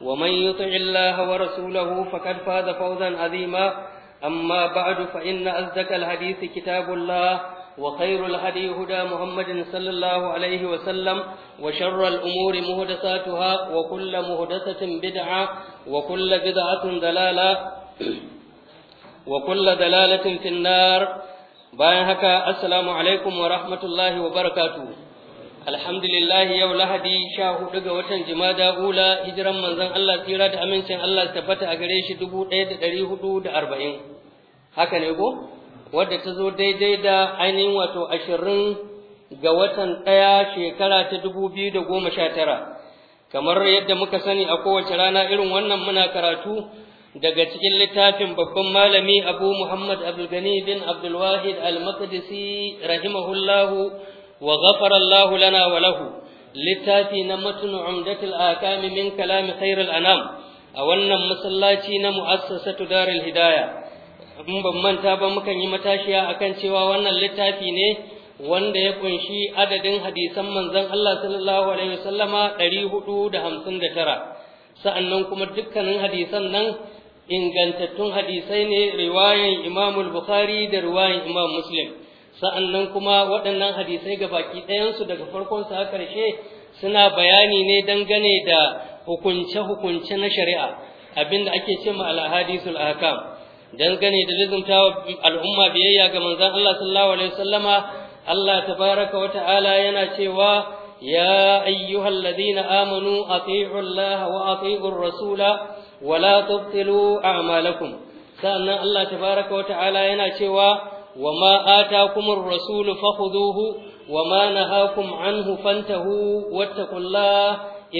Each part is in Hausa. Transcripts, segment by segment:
ومن يطع الله ورسوله فقد فاز فوزا عظيما أما بعد فإن أصدق الحديث كتاب الله وخير الهدي هدى محمد صلى الله عليه وسلم وشر الأمور مهدساتها وكل مهدسة بدعة وكل بدعة ضلالة وكل دلالة في النار باين هكا السلام عليكم ورحمة الله وبركاته alhamdulillah yau lahadi sha hudu ga watan jimada ula hijiran manzon Allah tsira da amincin Allah tabbata a gare shi dubu ɗaya da ɗari hudu da arba'in haka ne ko wadda ta zo daidai da ainihin wato ashirin ga watan ɗaya shekara ta dubu biyu da goma sha tara kamar yadda muka sani a kowace rana irin wannan muna karatu daga cikin littafin babban malami abu muhammad abdulgani bin abdulwahid al-maqdisi rahimahullahu wa ghafara Allah lana wa littafi na matun umdatul akami min kalami khairul anam a wannan masallaci na mu'assasatu darul hidaya in ban manta ba mukan yi matashiya akan cewa wannan littafi ne wanda ya ƙunshi adadin hadisan manzon Allah sallallahu alaihi wasallama 459 sa'annan kuma dukkanin hadisan nan ingantattun hadisai ne riwayan Imam Bukhari da riwayan Imam Muslim sa'annan kuma waɗannan hadisai ga baki ɗayansu daga farkon a karshe suna bayani ne dangane da hukunce-hukunce na shari'a abinda ake ce ma al-ahadisul dangane da lizumtawa al'umma biyayya ga manzon Allah sallallahu alaihi Sallama, Allah tabaraka wa ta'ala yana cewa ya ayyuhal ladina amanu ati'u Allah wa ati'ur rasula wa la tubtilu a'malakum Sa'annan Allah tabaraka wa ta'ala yana cewa وما آتاكم الرسول فخذوه وما نهاكم عنه فانتهوا واتقوا الله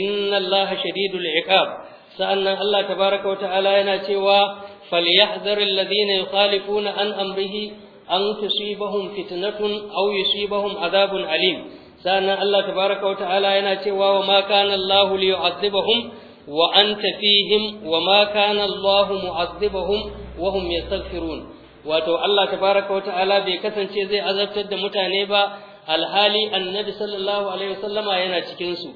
إن الله شديد العقاب سألنا الله تبارك وتعالى يناتيوا فليحذر الذين يخالفون عن أمره أن تصيبهم فتنة أو يصيبهم عذاب أليم سألنا الله تبارك وتعالى يناتيوا وما كان الله ليعذبهم وأنت فيهم وما كان الله معذبهم وهم يستغفرون wato Allah tabaraka wa ta'ala bai kasance zai azabtar da mutane ba alhali annabi sallallahu alaihi wasallama yana cikin su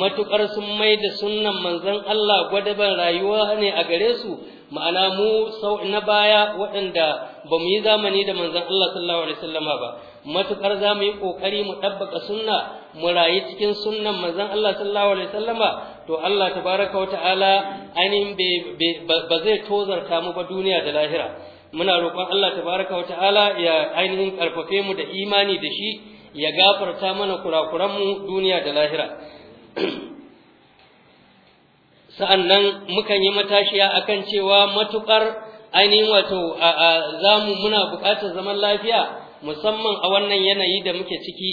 matukar sun mai da sunnan manzon Allah gwadaban rayuwa ne a gare su ma'ana mu sau na baya waɗanda ba mu yi zamani da manzon Allah sallallahu alaihi wasallama ba matukar za mu yi kokari mu ɗabbaka sunna mu rayu cikin sunnan manzon Allah sallallahu alaihi wasallama to Allah tabaaraka wa ta'ala ainihin ba zai tozarta mu ba duniya da lahira muna roƙon Allah tabaraka wa ta'ala ya ainihin karfafe mu da imani da shi ya gafarta mana kurakuran mu duniya da lahira sa'an nan mukan yi matashiya akan cewa matuƙar ainihin wato za mu muna buƙatar zaman lafiya musamman a wannan yanayi da muke ciki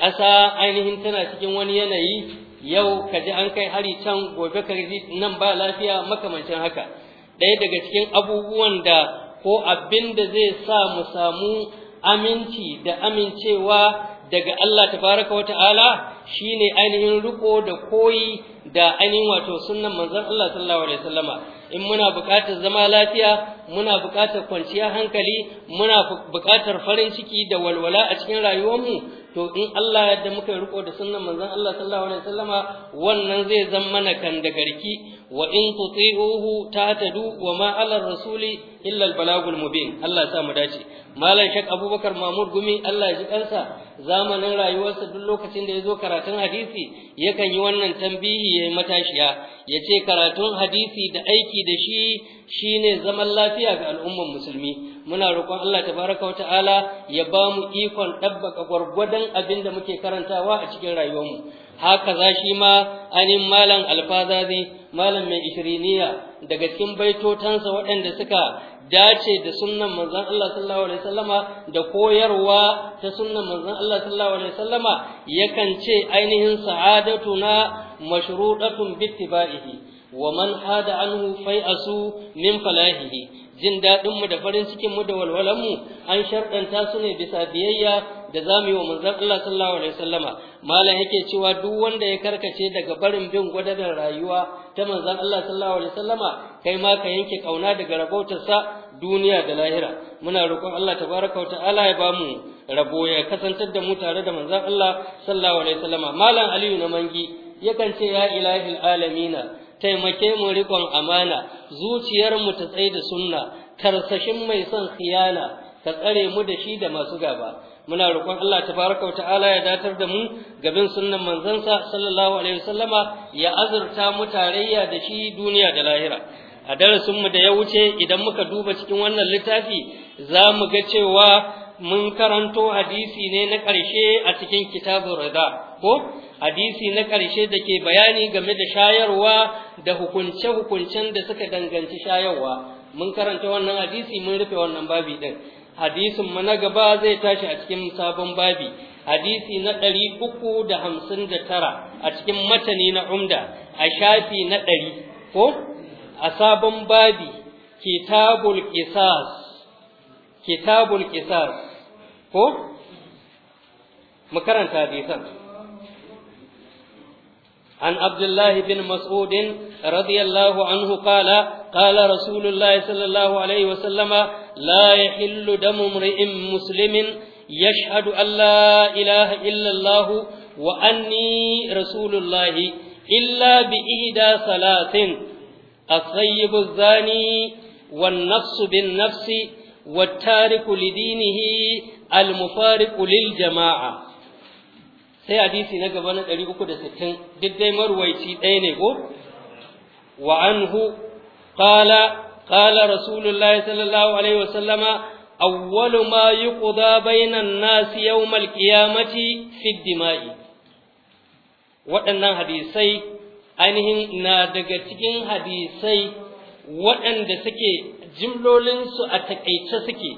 ƙasa ainihin tana cikin wani yanayi yau ka ji an kai hari can gobe ka nan ba lafiya makamancin haka ɗaya daga cikin abubuwan da ko abin da zai sa mu samu aminci da amincewa daga Allah ta baraka wa ta'ala ne ainihin riko da koyi da ainihin wato sunan manzan Allah sallallahu alaihi wasallama in muna buƙatar zama lafiya muna buƙatar kwanciyar hankali muna buƙatar farin ciki da walwala a cikin rayuwarmu to in Allah yadda muka yi riko da sunan manzan Allah sallallahu alaihi wasallama wannan zai zama mana kan da garki wa in tuti'uhu tahtadu wa ma 'ala ar-rasuli illa al-balagul mubin Allah ya sa mu dace malam shek Abubakar mamur Gumi Allah ya ji kansa zamanin rayuwarsa duk lokacin da yazo karatun hadisi yakan yi wannan tambihi yayi matashiya yace karatun hadisi da aiki da shi shine zaman lafiya ga al'ummar musulmi muna roƙon Allah tabaraka wa ta'ala ya ba mu ikon ɗabbaka gwargwadon abin da muke karantawa a cikin rayuwarmu haka za shi ma anin malam alfazazi malam mai ishiriniya daga cikin baitotansa waɗanda suka dace da sunnan manzon Allah sallallahu alaihi wasallama da koyarwa ta sunnan manzon Allah sallallahu alaihi wasallama yakan ce ainihin sa'adatu sa'adatuna mashrudatun bittiba'ihi wa man hada anhu fai'asu min falahihi jin daɗinmu da farin cikinmu da walwalanmu an sharɗanta su ne bisa biyayya da za mu yi wa manzon Allah sallallahu alaihi wasallama malam yake cewa duk wanda ya karkace daga barin bin da rayuwa ta manzon Allah sallallahu alaihi wasallama kai ma ka yanke kauna daga rabautarsa duniya da lahira muna roƙon Allah tabaraka wa ta'ala ya bamu rabo ya kasantar da mu tare da manzon Allah sallallahu alaihi wasallama malam Aliyu na mangi yakan ce ya ilahil alamina taimake mu rikon amana zuciyar mu ta tsaye da sunna karsashin mai son khiyana ka tsare mu da shi da masu gaba muna roƙon Allah tabaraka wa ta'ala ya datar da mu gabin sunnan manzansa sallallahu alaihi wasallama ya azurta mu tarayya da shi duniya da lahira a darasin mu da ya wuce idan muka duba cikin wannan littafi za mu ga cewa mun karanto hadisi ne na ƙarshe a cikin kitabun rida ko hadisi na ƙarshe da ke bayani game da shayarwa da hukunce-hukuncen da suka danganci shayarwa mun karanta wannan hadisi mun rufe wannan babi ɗin hadisin mu na gaba zai tashi a cikin sabon babi hadisi na ɗari uku da hamsin da tara a cikin matani na umda a shafi na ɗari ko a sabon babi kitabul qisas kitabul kisas ko makaranta hadisan an abdullahi bin Mas'udin radiyallahu anhu qala ƙala rasulullahi sallallahu alaihi wasallam la yahillu damu imri'in muslimin yashhadu an la ilaha illa allah wa anni rasulullahi illa bi ihda salatin الطيب nafsu bin nafsi? wattariku lidinihi almufariqu lil jama'a sai hadisi na gaba na 360 duk dai marwaici ɗaya ne ko wa anhu qala qala rasulullahi sallallahu alaihi wasallama awwalu ma yuqda na nasi yawmal qiyamati fi dima'i waɗannan hadisai ainihin na daga cikin hadisai waɗanda suke jimlolinsu a takaice suke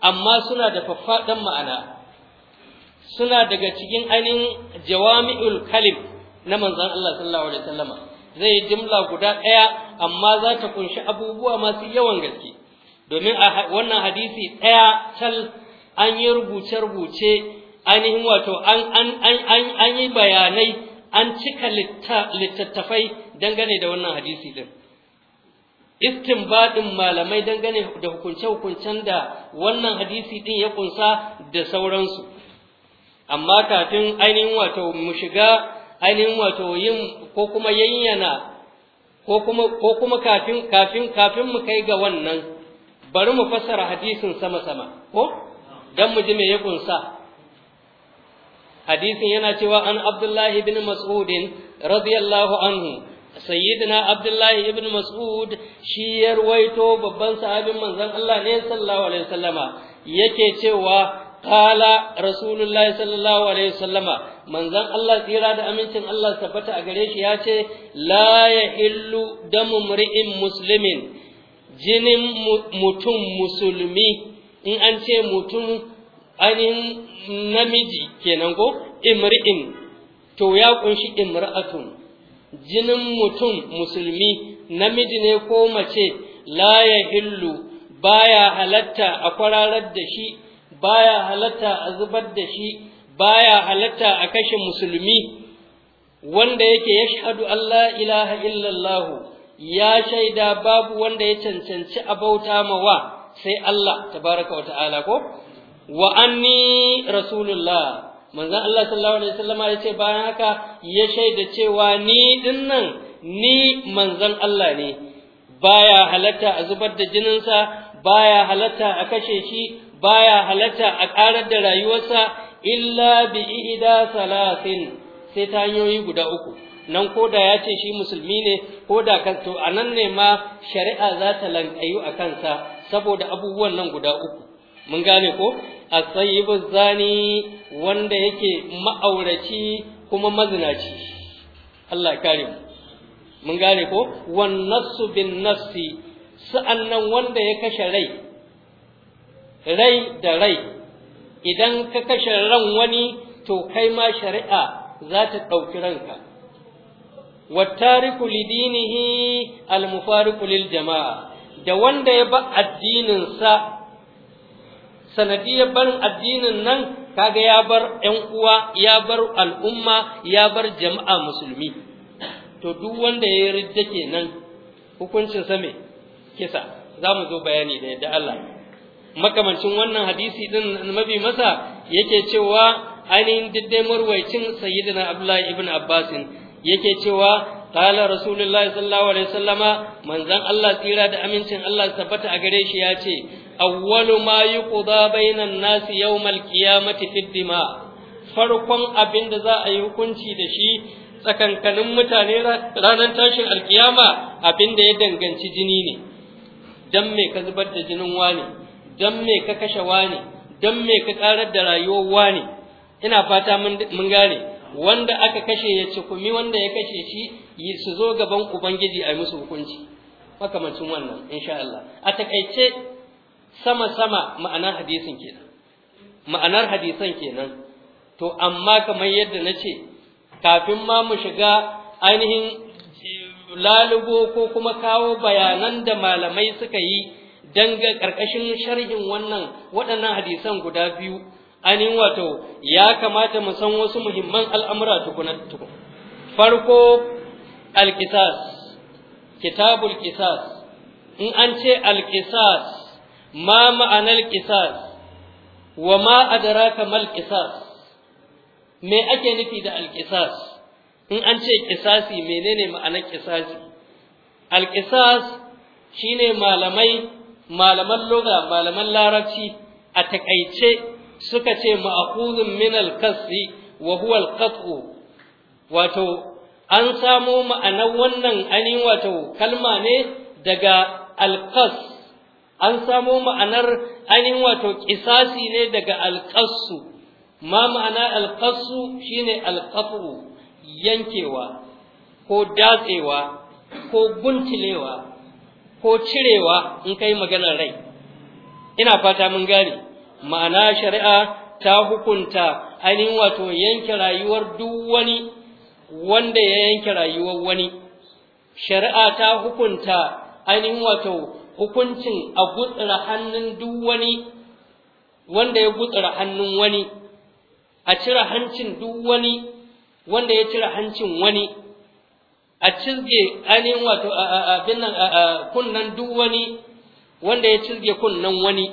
amma suna da faffaɗan ma'ana suna daga cikin ainihin jawami'ul kalim na manzon Allah sallallahu alaihi wasallama zai yi jimla guda ɗaya amma za ta kunshi abubuwa masu yawan gaske domin a wannan hadisi ɗaya tal an yi rubuce-rubuce ainihin wato an yi bayanai an cika littattafai dangane da wannan hadisi din. istinbadin malamai dangane da hukunce-hukuncen da wannan hadisi din ya kunsa da sauransu amma kafin ainihin wato mu shiga ainihin wato yin ko kuma yayyana ko kuma ko kuma kafin kafin kafin mu kai ga wannan bari mu fassara hadisin sama-sama ko dan mu ji me ya kunsa hadisin yana cewa an Abdullahi bin Mas'udin radiyallahu anhu sayyidina abdullahi ibn mas'ud shi ya babban sahabin manzon Allah ne sallallahu alaihi wasallama yake cewa qala rasulullahi sallallahu alaihi wasallama manzon Allah tsira da amincin Allah tabbata a gare shi ya ce la yahillu damu mri'in muslimin jinin mutum musulmi in an ce mutum ainihin namiji kenan ko imri'in to ya kunshi imra'atun jinin mutum musulmi namiji ne ko mace la ya hillu baya halatta a kwararar da shi baya halatta a zubar da shi baya halatta a kashe musulmi wanda yake ya yashhadu Allah ilaha illallah ya shaida babu wanda ya cancanci a bauta mawa sai Allah tabaraka wa ta'ala ko wa anni rasulullah Manzan Allah sallallahu alaihi wasallama ya ce bayan haka ya shaida cewa ni dinnan ni manzan Allah ne baya halatta a zubar da jininsa baya halatta a kashe shi baya halatta a ƙarar da rayuwarsa illa bi ihda salasin sai ta hanyoyi guda uku nan ko da ya ce shi musulmi ne ko da kan to anan ne ma shari'a za ta lankayu a kansa saboda abubuwan nan guda uku mun gane ko A sayyibu zani wanda yake ma'auraci kuma mazinaci Allah kare mu mun gane ko wan bin nafsi sa'annan wanda ya kashe rai rai da rai idan ka kashe ran wani to kai ma shari'a za ta ɗauki ranka wattariku lidinihi almufariqu lil jama'a da wanda ya ba sa. sanadiyar barin addinin nan kaga ya bar ƴan uwa ya bar al'umma ya bar jama'a musulmi to duk wanda ya ridda kenan hukuncin sa me kisa mu zo bayani da yadda Allah makamancin wannan hadisi din mabi masa yake cewa ainihin diddai marwaicin sayyidina Abdullahi ibn Abbasin yake cewa qala rasulullahi sallallahu alaihi wasallama manzon Allah tsira da amincin Allah tabbata a gare shi ya ce awwalu ma yuqda bainan nasi yau qiyamati fid dima farkon abin da za a yi hukunci da shi tsakankanin mutane ranar tashin alkiyama abin da ya danganci jini ne Don me ka zubar da jinin wani Don me ka kashe wani Don me ka karar da rayuwar wani ina fata mun gane wanda aka kashe ya ci kumi wanda ya kashe shi Yi su zo gaban ubangiji a yi musu hukunci makamancin wannan insha Allah a takaice sama sama ma'anar hadisin kenan ma'anar hadisan kenan to amma kamar yadda na ce kafin ma mu shiga ainihin lalugo ko kuma kawo bayanan da malamai suka yi danga ƙarƙashin sharhin wannan waɗannan hadisan guda biyu ainihin wato ya kamata mu san wasu muhimman al'amura tukuna tukun farko alƙisas kitabul ƙisas in an ce alƙisas ma ma'anar ƙisas wa ma adraka mal ƙisas me ake nufi da alƙisas in an ce ƙisasi menene ma'anar ƙisasi alƙisas shine malamai malaman loga malaman larabci a takaice suka ce ma'khuzun min al-kasri wa huwa al wato an samo ma'anar wannan ainihin wato kalma ne daga alkas an samo ma'anar ainihin wato kisasi ne daga alƙassu, ma ma'ana shi shine alkafu yankewa ko datsewa ko guntilewa ko cirewa in kai maganar rai ina fata mun gane ma'ana shari'a ta hukunta ainihin wato yanke rayuwar duk wani wanda ya yanke rayuwar wani shari'a ta hukunta ainihin wato hukuncin a gutsura hannun duk wani wanda ya gutsura hannun wani a cire hancin duk wani wanda ya cire hancin wani a cizge ainihin wato abin nan kunnan duk wani wanda ya cizge kunnan wani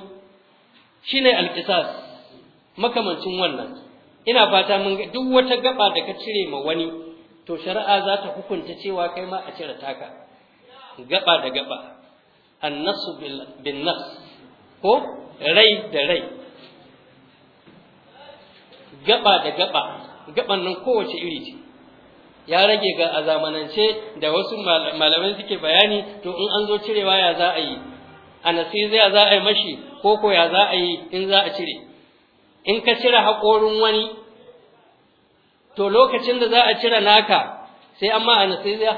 shine alkisas makamancin wannan ina fata mun duk wata gaba da ka cire ma wani to shari'a za ta hukunta cewa kai ma a cire taka gaba da gaba annasu bin nafs ko rai da rai gaba da gaba gaban nan kowace iri ce ya rage ga a zamanance da wasu malamai suke bayani to in an zo cirewa ya za a yi a anasiziya za a yi mashi ko ko ya za a yi in za a cire in ka cire haƙorin wani to lokacin da za a cire naka sai an ma anesthesia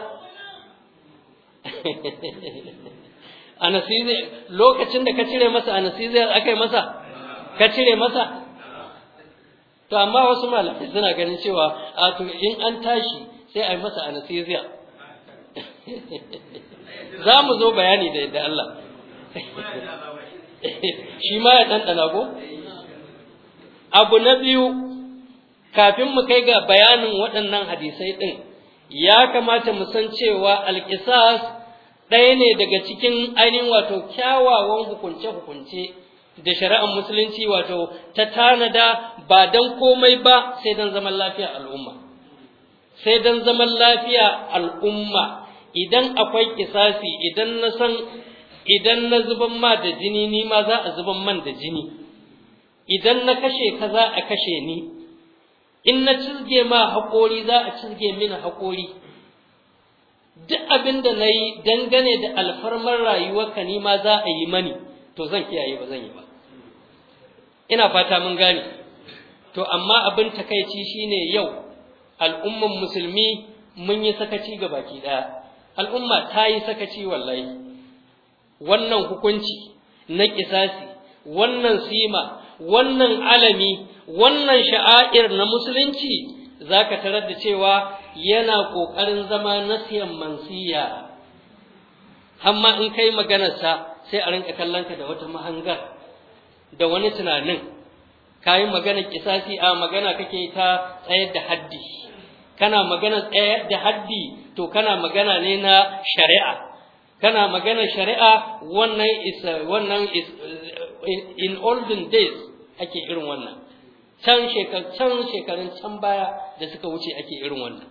anesthesia lokacin da ka cire masa anesthesia aka yi masa ka cire masa to amma wasu malamai suna ganin cewa a to in an tashi sai a yi masa anesthesia za mu zo bayani da yadda Allah shi ma ya ɗanɗana ko abu na biyu kafin mu kai ga bayanin waɗannan hadisai ɗin ya kamata mu san cewa alƙisas ɗaya ne daga cikin ainihin wato kyawawan hukunce-hukunce da shari'ar musulunci wato ta tanada ba don komai ba sai don zaman lafiya al'umma sai don zaman lafiya al'umma idan akwai kisasi idan na san idan na zuban ma da jini ni ma za a zuban man da jini idan na kashe ka za a kashe ni in na cizge ma haƙori za a cizge mini haƙori duk abin da na yi dangane da alfarmar rayuwarka ni ma za a yi mani to zan kiyaye ba zan yi ba ina fata mun gane to amma abin takaici shine yau al'umman musulmi mun yi sakaci ga baki ɗaya al'umma ta yi sakaci wallahi wannan hukunci na ƙisasi wannan sima wannan alami wannan sha'air na musulunci zaka tarar da cewa yana ƙoƙarin zama nasiyan mansiya amma in kai maganarsa sai a rinka kallon ka da wata mahangar da wani tunanin kayi magana kisasi a magana kake ta tsayar da haddi kana magana tsayar da haddi to kana magana ne na shari'a kana magana shari'a wannan is wannan is in olden days ake irin wannan can shekar can shekarun can baya da suka wuce ake irin wannan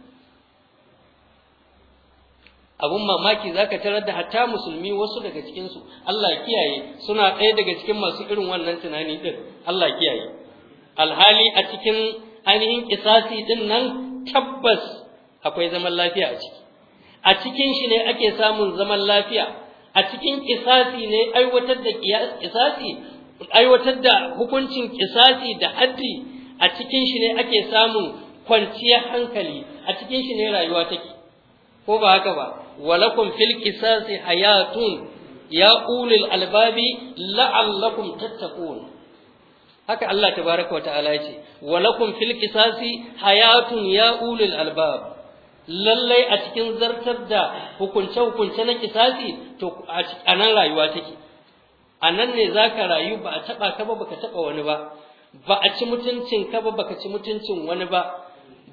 abun mamaki zaka tarar da hatta musulmi wasu daga cikin su Allah kiyaye suna ɗaya daga cikin masu irin wannan tunani din Allah kiyaye alhali a cikin ainihin kisasi din nan tabbas akwai zaman lafiya a ciki a cikin shi ne ake samun zaman lafiya a cikin kisasi ne aiwatar da kisasi aiwatar da hukuncin kisasi da haddi a cikin shi ne ake samun kwanciyar hankali a cikin shi ne rayuwa take ko ba haka ba walakum fil kisasi, hayatun ya ulil albabi la'allakum tattaqun haka Allah tabaraka wa ta'ala ya ce walakum fil kisasi, hayatun ya ulil albab lallai a cikin zartar da hukunce-hukunce na kisasi to a nan rayuwa take a nan ne za ka rayu ba a taɓa ka ba baka taɓa wani ba ba a ci mutuncin ka ba baka ci mutuncin wani ba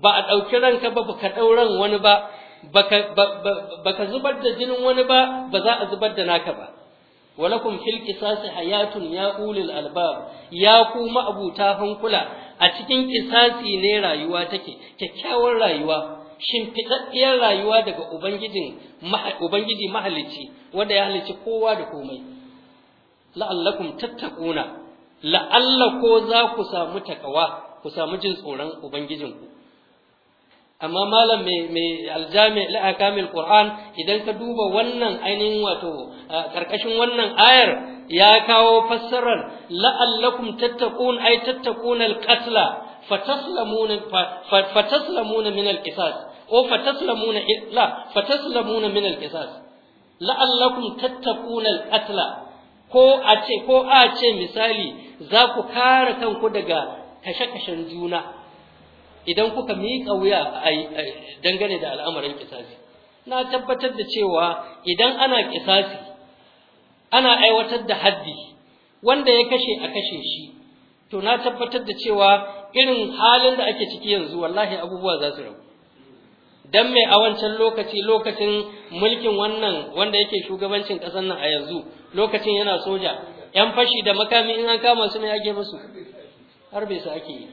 ba a ɗauki ranka ba baka ɗauran wani ba baka zubar da jinin wani ba ba za a zubar da naka ba walakum fil qisasi hayatun ya ulil albab ya ku ma'abuta hankula a cikin kisasi ne rayuwa take kyakkyawar rayuwa shimfiɗaɗɗiyar rayuwa daga ubangijin ubangiji mahalicci wanda ya halicci kowa da komai la'allakum tattakuna, la’allako ko za ku samu takawa ku samu jin tsoron ubangijinku amma malam mai aljami la'akamil qur'an idan ka duba wannan ainihin wato karkashin wannan ayar ya kawo fassarar la'allakum tattakun ay tattaquna al-qatla fataslamuna fataslamuna min al-qisas o fataslamuna la fataslamuna min al-qisas la'allakum ko a ce ko a ce misali za ku kare kanku daga kashe-kashen juna idan kuka miƙa wuya dangane da al'amarin kisasi na tabbatar da cewa idan ana kisasi ana aiwatar da haddi wanda ya kashe a kashe shi to na tabbatar da cewa irin halin da ake ciki yanzu wallahi abubuwa za su rabu dan mai a wancan lokaci lokacin mulkin wannan wanda yake shugabancin ƙasar nan a yanzu lokacin yana soja yan fashi da makami in an kama su ne ake musu har bai su ake yi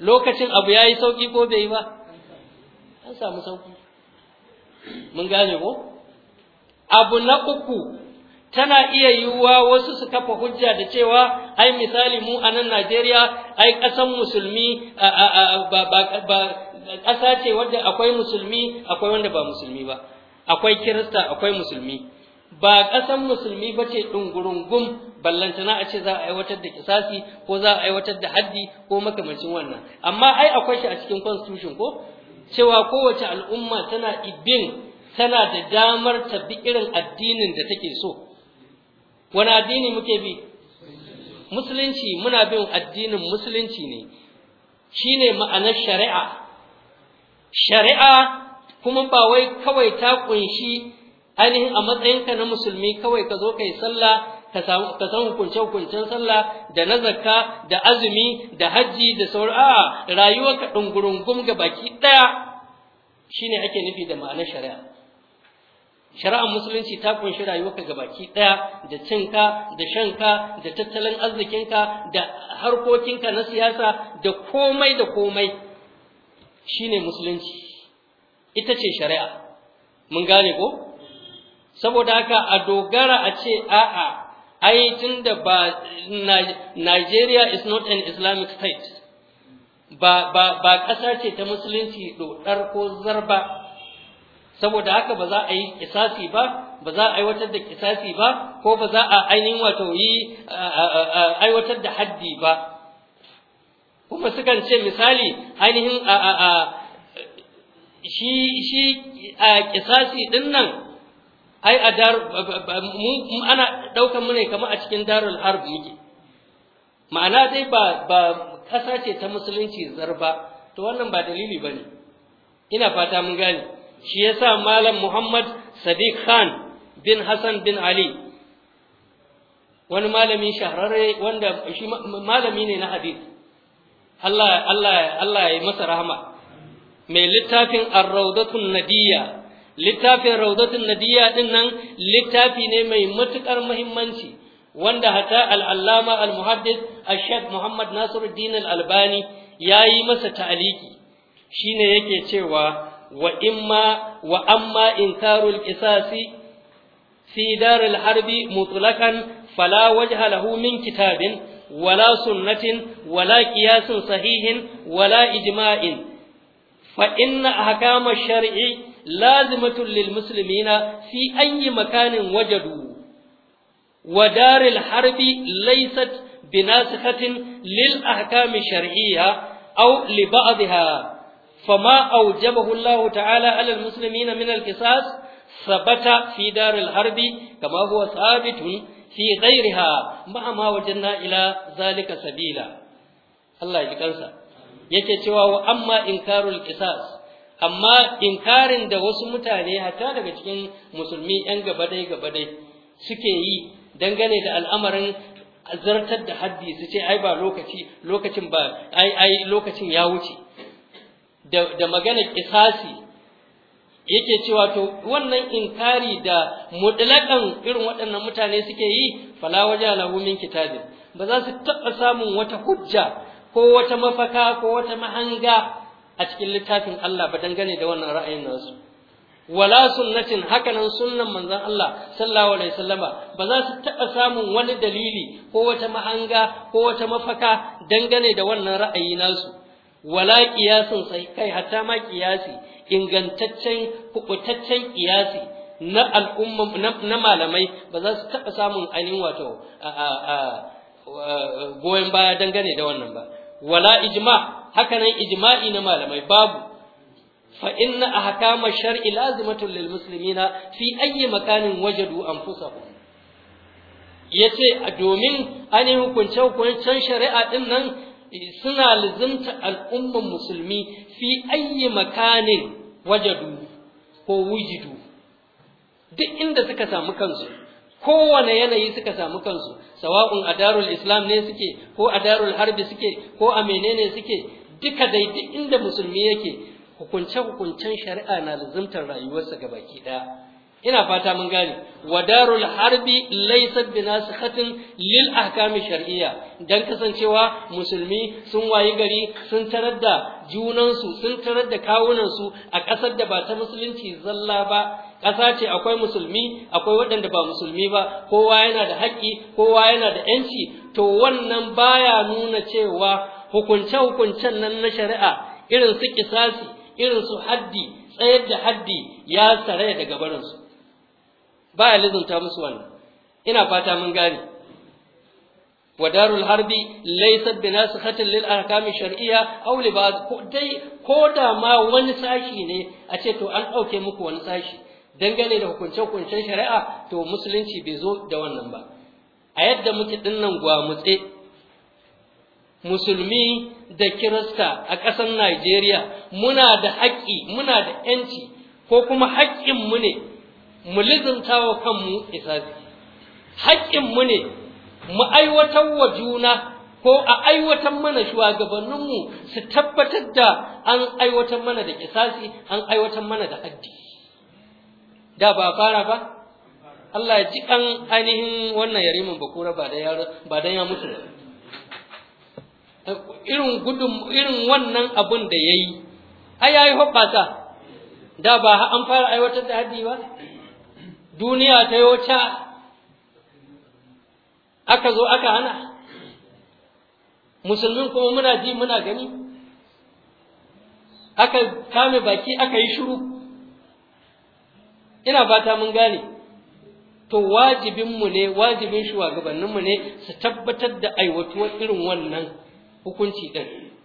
lokacin abu yayi sauki ko bai yi ba an samu sauki mun gane ko abu na uku tana iya yiwuwa wasu su kafa hujja da cewa ai misali mu a nan Najeriya ai ƙasan musulmi ba ƙasa ce wadda akwai musulmi akwai wanda ba musulmi ba akwai kirista akwai musulmi ba ƙasan musulmi ba ce ɗungurungum ballantana a ce za a aiwatar da kisasi ko za a aiwatar da haddi ko makamancin wannan amma ai akwai shi a cikin constitution ko cewa kowace al'umma tana ibin tana da damar ta bi irin addinin da take so wani addini muke bi musulunci muna bin addinin musulunci ne Shi ne ma'anar shari'a shari'a kuma ba wai kawai ta kunshi ainihin a matsayinka na musulmi kawai ka zo ka yi sallah ka san hukunce-hukuncen sallah da na zakka da azumi da hajji da sauran a'a ka ɗungurungum ga baki ɗaya Shi shine ake nufi da ma'anar shari'a shari'ar musulunci ta kunshi rayuwarka baki ɗaya da cinka da shanka da tattalin arzikinka da harkokinka na siyasa da komai da komai shine musulunci ita ce shari'a mun gane ko saboda haka a dogara a ce a'a ai da ba Nigeria is not an Islamic state ba ƙasa ce ta musulunci dodar ko zarba saboda haka ba za a yi kisasi ba ba za a aiwatar da kisasi ba ko ba za a ainihin wato yi aiwatar da haddi ba kuma sukan ce misali ainihin shi shi a kisasi din nan ai a dar ana daukan mu ne kamar a cikin darul harb muke ma'ana dai ba ba kasa ce ta musulunci zarba to wannan ba dalili bane ina fata mun gane shi yasa malam Muhammad Sadiq Khan bin Hassan bin Ali wani malami shahararre wanda shi malami ne na hadith Allah Allah Allah ya masa rahama mai littafin Ar-Rawdatun Nadiyya littafin raudatun nabiyya din nan littafi ne mai matukar muhimmanci wanda hata al-Allama al-Muhaddith Ash-Sheikh Muhammad Nasiruddin Al-Albani yayi masa ta'aliki shine yake cewa wa imma wa amma inkarul qisasi fi daril harbi mutlaqan fala wajha lahu min kitabin wala sunnatin wala qiyasin sahihin wala ijma'in fa inna ahkama shar'i lazimatun lil muslimina fi ayyi makanin wajadu wa daril harbi laysat بناسخة shar'iyya الشرعية li لبعضها فما أوجبه الله تعالى على المسلمين من القصاص ثبت في دار الحرب كما هو ثابت في غيرها مع ما وجدنا إلى ذلك سبيلا الله يجزاك yake cewa wa amma inkarul qisas amma inkarin da wasu mutane hatta daga cikin musulmi yan gabadai gabadai suke yi dangane da al'amarin zartar da haddi su ce ai ba lokaci lokacin ba ai ai lokacin ya wuce da maganar kisasi yake cewa to wannan inkari da mutlaƙan irin waɗannan mutane suke yi fala waja lahu min kitabin ba za su taɓa samun wata hujja ko wata mafaka ko wata mahanga a cikin littafin Allah ba dangane da wannan ra'ayin nasu wala sunnatin hakanan sunnan manzon Allah sallallahu alaihi wasallama ba za su taɓa samun wani dalili ko wata mahanga ko wata mafaka dangane da wannan ra'ayi nasu wala kiyasin sai kai hatta ma kiyasi ingantaccen hukutaccen kiyasi na al'umma na malamai ba za su taɓa samun ainihin wato goyon baya dangane da wannan ba wala ijma haka nan ijma'i na malamai babu fa inna ahkama shar'i lazimatun lil muslimina fi ayyi makanin wajadu anfusahum yace domin ainihin hukunce hukuncen shari'a din nan Eh, suna lizimta al'umman musulmi fi ayyi makanin wajadu ko wujidu duk inda suka samu kansu kowane yanayi suka samu kansu sawa'un a darul islam ne suke ko a darul harbi suke ko a menene suke duka dai duk inda musulmi yake hukunce-hukuncen shari'a na lizimtar rayuwarsa baki ɗaya ina fata mun gane wadarul harbi laysat binasikhatin lil ahkam shar'iyya dan kasancewa musulmi sun wayi gari sun tarar da junansu sun tarar da kawunansu a ƙasar da ba ta musulunci zalla ba ƙasa ce akwai musulmi akwai waɗanda ba musulmi ba kowa yana da haƙƙi kowa yana da yanci to wannan baya nuna cewa hukunce-hukuncen nan na shari'a irin su kisasi irin su haddi tsayar da haddi ya tsare daga barinsu baya lizunta musu wannan ina fata mun gane wa darul harbi laysat binasikhatin lil ahkam shar'iyya aw li ba'd ko dai ko da ma wani sashi ne a ce to an dauke muku wani sashi dangane da hukunce hukuncen shari'a to musulunci bai zo da wannan ba a yadda muke dinnan gwamutse musulmi da kirista a ƙasar Najeriya muna da haƙƙi muna da yanci ko kuma mu ne mu lizinta wa kanmu isasi. haƙƙinmu ne mu aiwatar wa juna ko a aiwatar mana shugabanninmu su tabbatar da an aiwatar mana da kisasi an aiwatar mana da haddi da ba fara ba Allah ya ji kan ainihin wannan yarimin bakura ba dan ya mutu irin gudun irin wannan abun da yayi ai yi hoɓɓasa da ba an fara aiwatar da haddi ba duniya ta yota aka zo aka hana musulmin kuma muna ji muna gani aka kame baki aka yi shiru ina fata mun gane to wajibinmu ne wajibin shugabanninmu ne su tabbatar da aiwatuwar irin wannan hukunci ɗin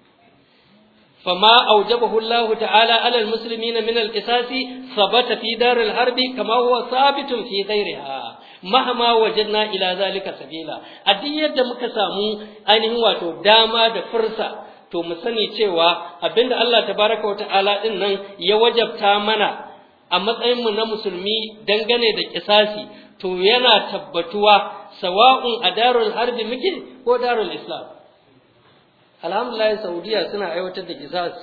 فما أوجبه الله تعالى على المسلمين من القصاص ثبت في دار الحرب كما هو ثابت في غيرها مهما وجدنا إلى ذلك سبيلا أدية samu سامو wato dama داما fursa, to mu sani cewa abinda Allah tabaraka wa ta'ala ɗin nan ya wajabta mana a matsayinmu na musulmi dangane da kisasi to yana tabbatuwa sawa'un a darul harbi muke ko darul islam alhamdulillah saudiya suna aiwatar da kisas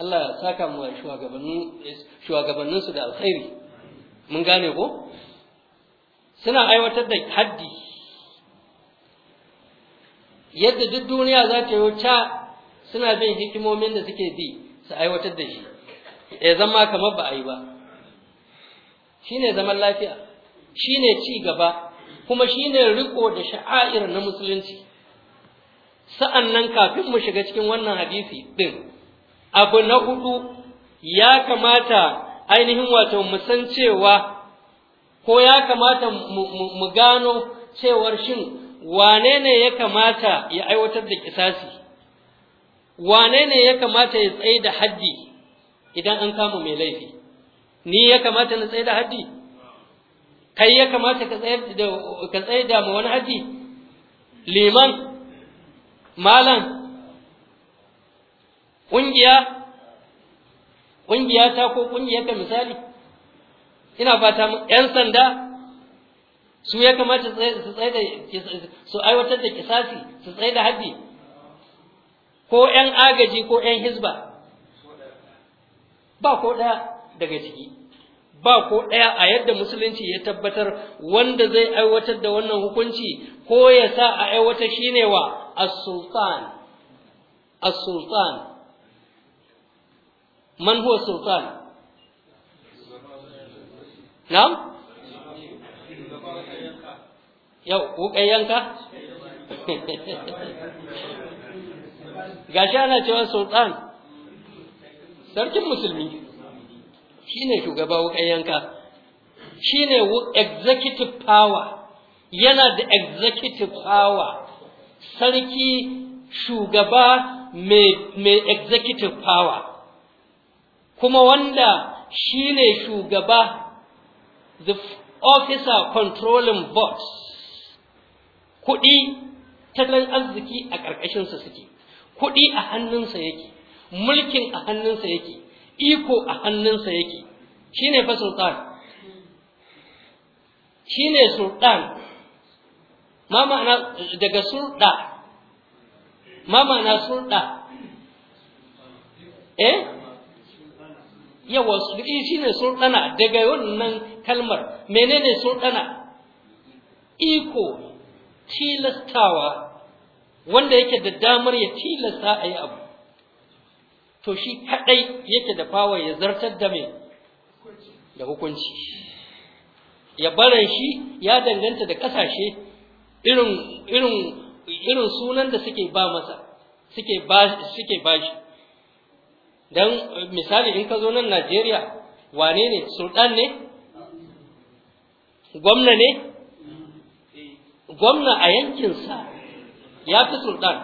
Allah ya saka mu shugabannin su da alkhairi mun gane ko suna aiwatar da haddi yadda duk duniya za ta yi ca suna bin hikimomin da suke bi su aiwatar da shi ya zama kamar ba a yi ba shi ne zaman lafiya shi ne ci gaba kuma shi ne riko da sha'a'ir na musulunci sa'an nan kafin mu shiga cikin wannan hadisi ɗin abu na hudu ya kamata ainihin wato mu san cewa ko ya kamata mu gano cewar shin wane ne ya kamata ya aiwatar da kisasi wane ne ya kamata ya tsaye da haddi idan an kama mai laifi ni ya kamata na tsaye da haddi kai ya kamata ka tsaye da ma wani haddi liman malam ƙungiya ƙungiya ta ko ka misali ina fata ‘yan sanda su ya kamata su tsaye da su aiwatar da kisasi su tsaye da haddi ko ‘yan agaji ko ‘yan hizba ba ko ɗaya daga ciki ba ko ɗaya a yadda musulunci ya tabbatar wanda zai aiwatar da wannan hukunci ko ya sa a aiwatar ne wa السلطان السلطان من هو السلطان نعم yau yanka? gashi ana cewa sultan sarkin musulmi shi ne shugaba yanka. Shi ne executive power yana da executive power sarki shugaba mai executive power kuma wanda shi ne shugaba the officer controlling board kuɗi tattalin arziki a ƙarƙashinsa suke kuɗi a hannunsa yake mulkin a hannunsa yake iko a hannunsa yake ne fa sultan ne sultan ma ma'ana daga ma ma'ana eh yawa shi ne sultana daga wannan kalmar menene sultana iko tilastawa wanda yake da damar ya tilasta a yi abu to shi kaɗai yake da fawa ya zartar da mai da hukunci ya baran shi ya danganta da ƙasashe. irin sunan da suke ba masa suke ba suke shi dan misali in ka zo nan Najeriya wane ne sultan ne gwamna ne gwamna a yankinsa ya fi sultan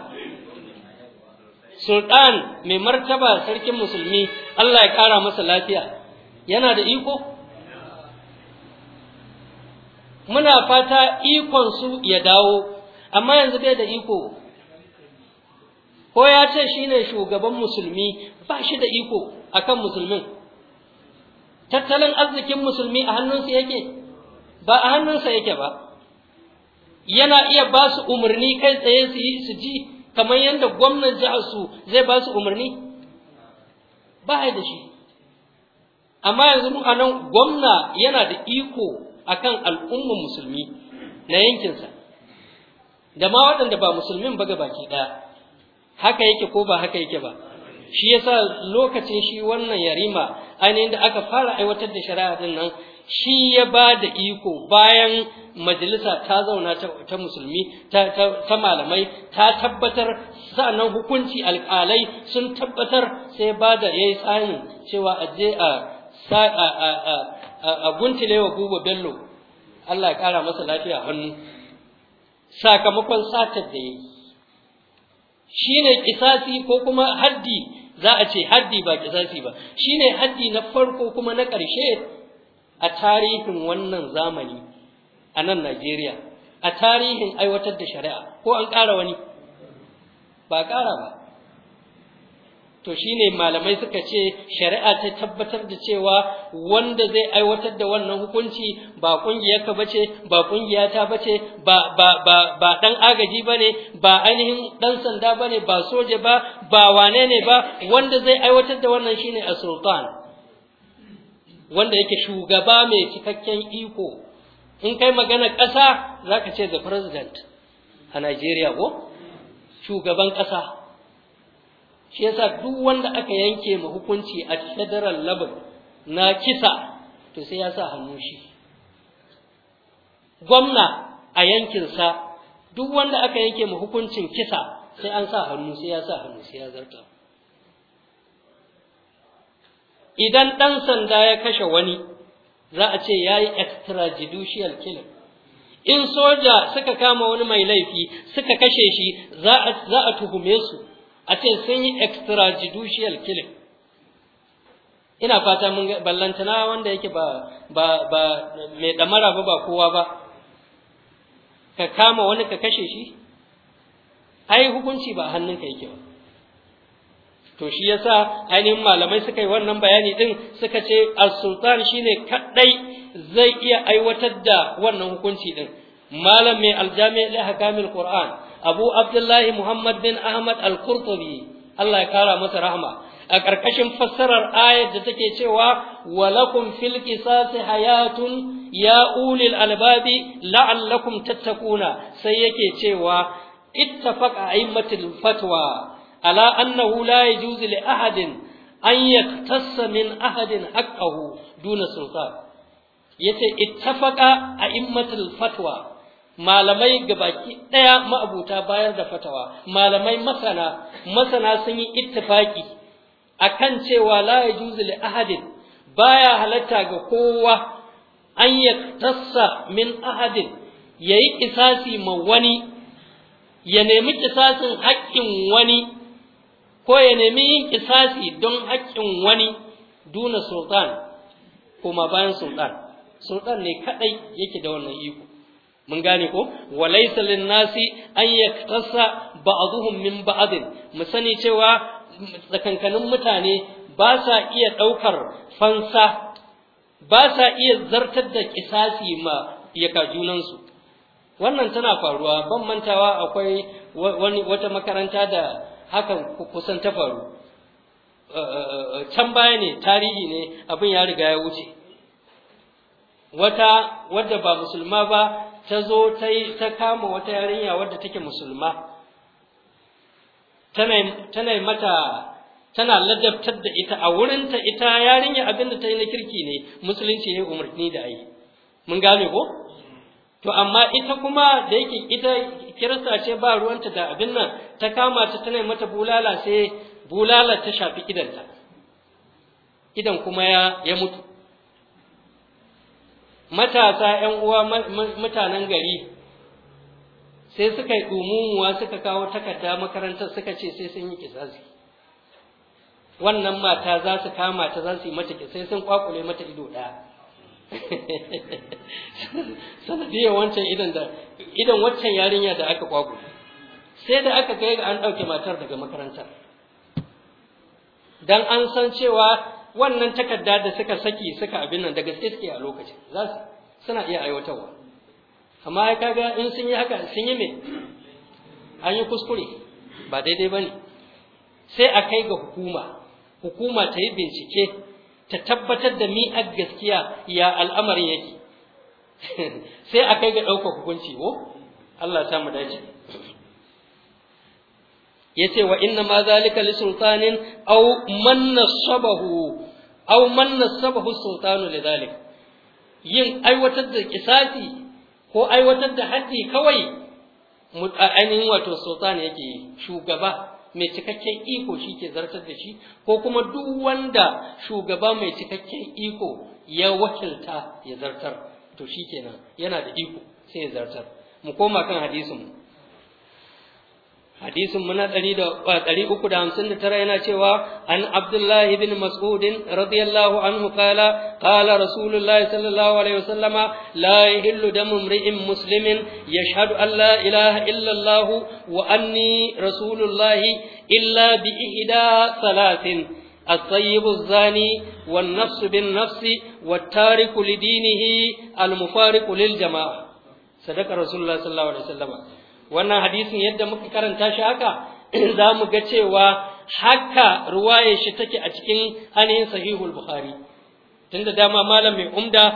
sultan mai martaba sarkin musulmi Allah ya kara masa lafiya yana da iko muna fata ikon su ya dawo amma yanzu bai da iko ko ya ce shi ne shugaban musulmi ba shi da iko akan musulmin tattalin arzikin musulmi a hannunsa yake ba a hannunsa yake ba yana iya ba su umarni kai tsaye su yi su ji kamar yadda gwamnan jihar su zai ba su umarni ba da shi amma yanzu a nan gwamna yana da iko akan al'umman musulmi na yankinsa da ma waɗanda ba musulmin ba baki ɗaya haka yake ko ba haka yake ba shi yasa lokacin shi wannan yarima ainihin da aka fara aiwatar da shari'a din nan shi ya ba da iko bayan majalisa ta zauna ta, musulmi ta, malamai ta tabbatar sa'annan hukunci alƙalai sun tabbatar sai ba da ya yi tsarin cewa a je a a guntile wa buba bello Allah ya kara masa lafiya hannu sakamakon satar da yi shine kisasi ko kuma haddi za a ce haddi ba kisasi ba shine haddi na farko kuma na ƙarshe a tarihin wannan zamani a nan Najeriya a tarihin aiwatar da shari'a ko an ƙara wani ba ƙara ba to shine malamai suka ce shari'a ta tabbatar da cewa wanda zai aiwatar da wannan hukunci ba kungiyarka bace ba kungiya ta ba ba ba ba dan agaji ba ainihin dan sanda ba ne, ba soja ba ba wane ne ba wanda zai aiwatar da wannan shine a sultan wanda yake shugaba mai cikakken iko in kai magana ƙasa ka ce the president a Najeriya ko shugaban ƙasa shi yasa duk wanda aka yanke ma hukunci a federal level na kisa to sai ya sa hannu shi gwamna a yankinsa duk wanda aka yanke ma hukuncin kisa sai an sa hannu sai ya sa hannu sai ya zarta idan ɗan sanda ya kashe wani za a ce ya yi extrajudicial killing in soja suka kama wani mai laifi suka kashe shi za a tuhume su a ce sun yi extrajudicial killing ina fata mun ballantana wanda yake ba ba ba mai damara ba ba kowa ba ka kama wani ka kashe shi ai hukunci ba hannunka yake ba to shi yasa ainihin malamai suka yi wannan bayani din suka ce as-sultan shine kadai zai iya aiwatar da wannan hukunci din malam mai aljamia li hakamil qur'an abu abdullahi muhammad bin ahmad al-qurtubi Allah ya kara masa rahma a ƙarƙashin fassarar ayar da take cewa "Walakun fil qisasi hayatun ya ulil albabi la'allakum tattakuna," sai yake cewa ittafaqa aimmatul fatwa ala annahu la yajuzu li ahadin an yaktassa min ahadin haqqahu duna sultan yace ittafaqa aimmatul fatwa malamai gabaki ɗaya ma'abuta bayar da fatawa malamai masana masana sun yi ittifaki akan cewa la yajuzu li ahadin baya halatta ga kowa an tassa min ahadin yayi kisasi ma wani ya nemi kisasin haƙƙin wani ko ya nemi yin kisasi don haƙƙin wani duna sultan kuma bayan sultan sultan ne kadai yake da wannan iko mun gane ko walaysa lin nasi an yaktasa ba'dhum min ba'd mu sani cewa tsakankanin mutane ba sa iya daukar fansa ba sa iya zartar da kisasi ma junan junansu wannan tana faruwa ban mantawa akwai wani wata makaranta da hakan kusan ta faru uh, uh, uh, can baya ne tarihi ne abin ya riga ya wuce wata wadda ba musulma ba ta zo ta yi ta kama wata yarinya wadda take musulma tana mata tana ladabtar da ita a wurinta ita yarinya abinda ta yi na kirki ne musulunci ne umarni da ai mun gane ko to amma ita kuma da yake ita kirista ce ba ruwanta da abin nan ta kama ta tana mata bulala sai bulala ta shafi idanta idan kuma ya ya mutu matasa ‘yan uwa mutanen gari sai suka yi ɗumumuwa suka kawo takarda makarantar suka ce sai sun yi kisazi wannan mata za su kama ta za su yi mata sai sun kwakule mata ido ɗaya sanadiyar wancan idan da idan waccan yarinya da aka kwakule sai da aka kai ga an ɗauke matar daga makarantar dan an san cewa wannan takarda da suka saki suka abin nan da gaske suke a lokacin za su suna iya aiwatarwa amma ya kaga in sun yi haka sun yi me an yi kuskure ba daidai ba ne sai a kai ga hukuma hukuma ta yi bincike ta tabbatar da mi a gaskiya ya al'amarin yake sai a kai ga ɗaukar hukunci ko Allah ta mu dace yace wa inna ma zalika li sultanin aw man nasabahu aw man nasabahu sultanu yin aiwatar da kisasi ko aiwatar da haddi kawai ainihin wato sultan yake shugaba mai cikakken iko shi ke zartar da shi ko kuma duk wanda shugaba mai cikakken iko ya wakilta ya zartar to shi kenan yana da iko sai ya zartar mu koma kan hadisin hadisin muna 359 yana cewa an abdullahi bin mas'udin radiyallahu anhu kala kala rasulullahi sallallahu alaihi wasallama la yahillu damu imri'in muslimin yashhadu an la ilaha illa allah wa anni rasulullahi illa bi ihda salatin الطيب الزاني والنفس بالنفس والتارك لدينه المفارق للجماعة صدق رسول الله صلى الله عليه وسلم wannan hadisin yadda muka karanta shi haka za mu ga cewa haka ruwaye shi take a cikin ainihin sahihul bukhari tunda dama malam mai umda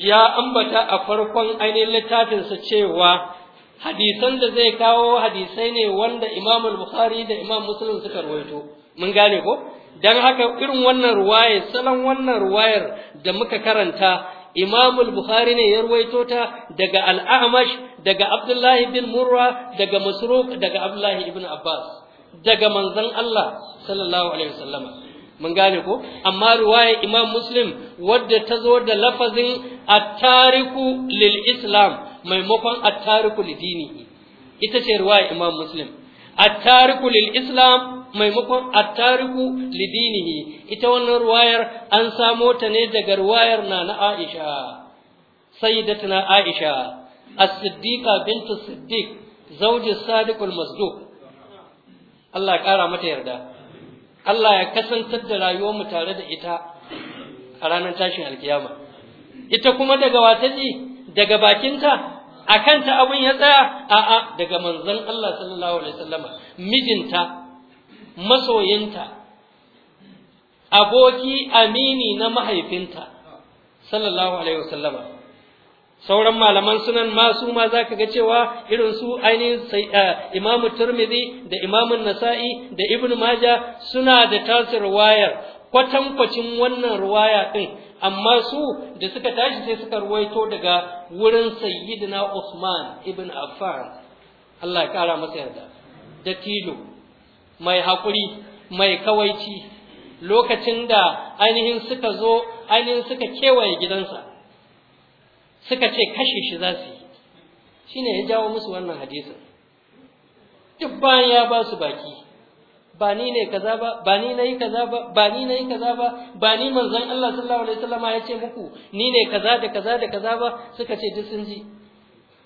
ya ambata a farkon ainihin littafinsa cewa hadisan da zai kawo hadisai ne wanda imam bukhari da imam muslim suka rawaito mun gane ko dan haka irin wannan ruwaye salon wannan ruwayar da muka karanta imamul bukhari ne ya ruwaito ta daga al'amash, daga abdullahi bin Mura, daga masruq daga abdullahi ibn abbas daga manzon allah sallallahu alaihi wasallama mun gane ko amma riwaya imam muslim wadda ta zo da lafazin at-tariku lil maimakon at-tariku ita ce riwaya imam muslim at-tariku lil islam maimakon attariku lidinihi ita wannan ruwayar an samo ta ne daga ruwayar na na Aisha sayyidatuna Aisha as-siddiqa bintu siddiq zawji sadiqul masduq Allah ya kara mata yarda Allah ya kasantar da rayuwar mu tare da ita a ranar tashin alkiyama ita kuma daga wataji daga bakinta akan ta abun ya tsaya a'a daga manzon Allah sallallahu alaihi wasallama mijinta masoyinta aboki amini na mahaifinta sallallahu alaihi wasallama sauran malaman sunan masu ma za ka ga cewa irin su ainihin eh, imamu turmizi da imamun nasa'i da ibn maja suna da tasir wayar kwatankwacin wannan ruwaya ɗin amma su da suka tashi sai suka ruwaito daga wurin sayyidina usman ibn affan allah ya kara masa yarda da tilo mai haƙuri mai kawaici lokacin da ainihin suka zo ainihin suka kewaye gidansa suka ce kashe shi za su yi shi ne ya jawo musu wannan hadisin duk bayan ya ba su baki ba ni ne kaza ba ba ni nayi kaza ba ba ni nayi kaza ba ba ni manzon Allah sallallahu alaihi wasallama ya ce muku ni ne kaza da kaza da kaza ba suka ce duk sun ji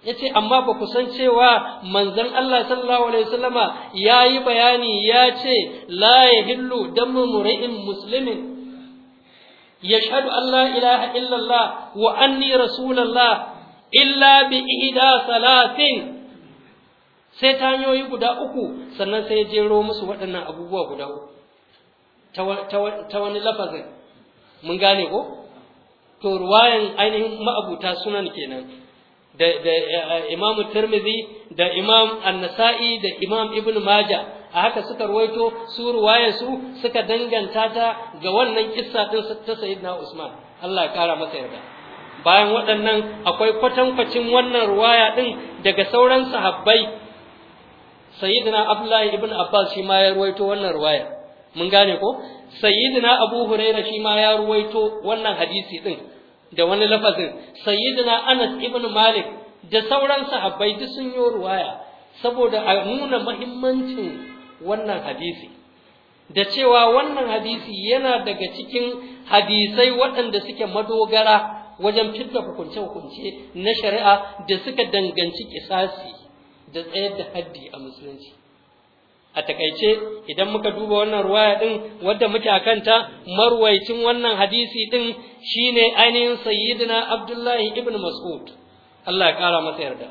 yace amma ba ku san cewa manzon Allah sallallahu alaihi wasallama yayi bayani ya ce la yahillu damu mur'in muslimin yashhadu an la ilaha illallah wa anni rasulullah illa bi ihda salatin sai ta hanyoyi guda uku sannan sai jero musu waɗannan abubuwa guda uku ta wani lafazin mun gane ko to ruwayan ainihin ma'abuta sunan kenan da Imam Tirmidhi da Imam An-Nasa'i da Imam Ibn Majah a haka suka ruwaito su ruwayar su suka danganta ta ga wannan kissa din ta Sayyidina Usman Allah ya kara masa yarda bayan waɗannan akwai kwatankwacin wannan ruwaya din daga sauran sahabbai Sayyidina Abdullahi ibn Abbas shi ma ya ruwaito wannan ruwaya mun gane ko Sayyidina Abu Hurairah shi ma ya ruwaito wannan hadisi din da wani lafazin sayyidina Anas ibn Malik da sauran sahabbai duk sun yi ruwaya saboda a nuna muhimmancin wannan hadisi da cewa wannan hadisi yana daga cikin hadisai waɗanda suke madogara wajen fitta hukunce-hukunce na shari'a da suka danganci kisasi da tsayar da haddi a musulunci a takaice idan muka duba wannan ruwaya din wadda muke akanta marwaicin wannan hadisi din shine ainihin sayyidina abdullahi ibn mas'ud Allah ya kara masa yarda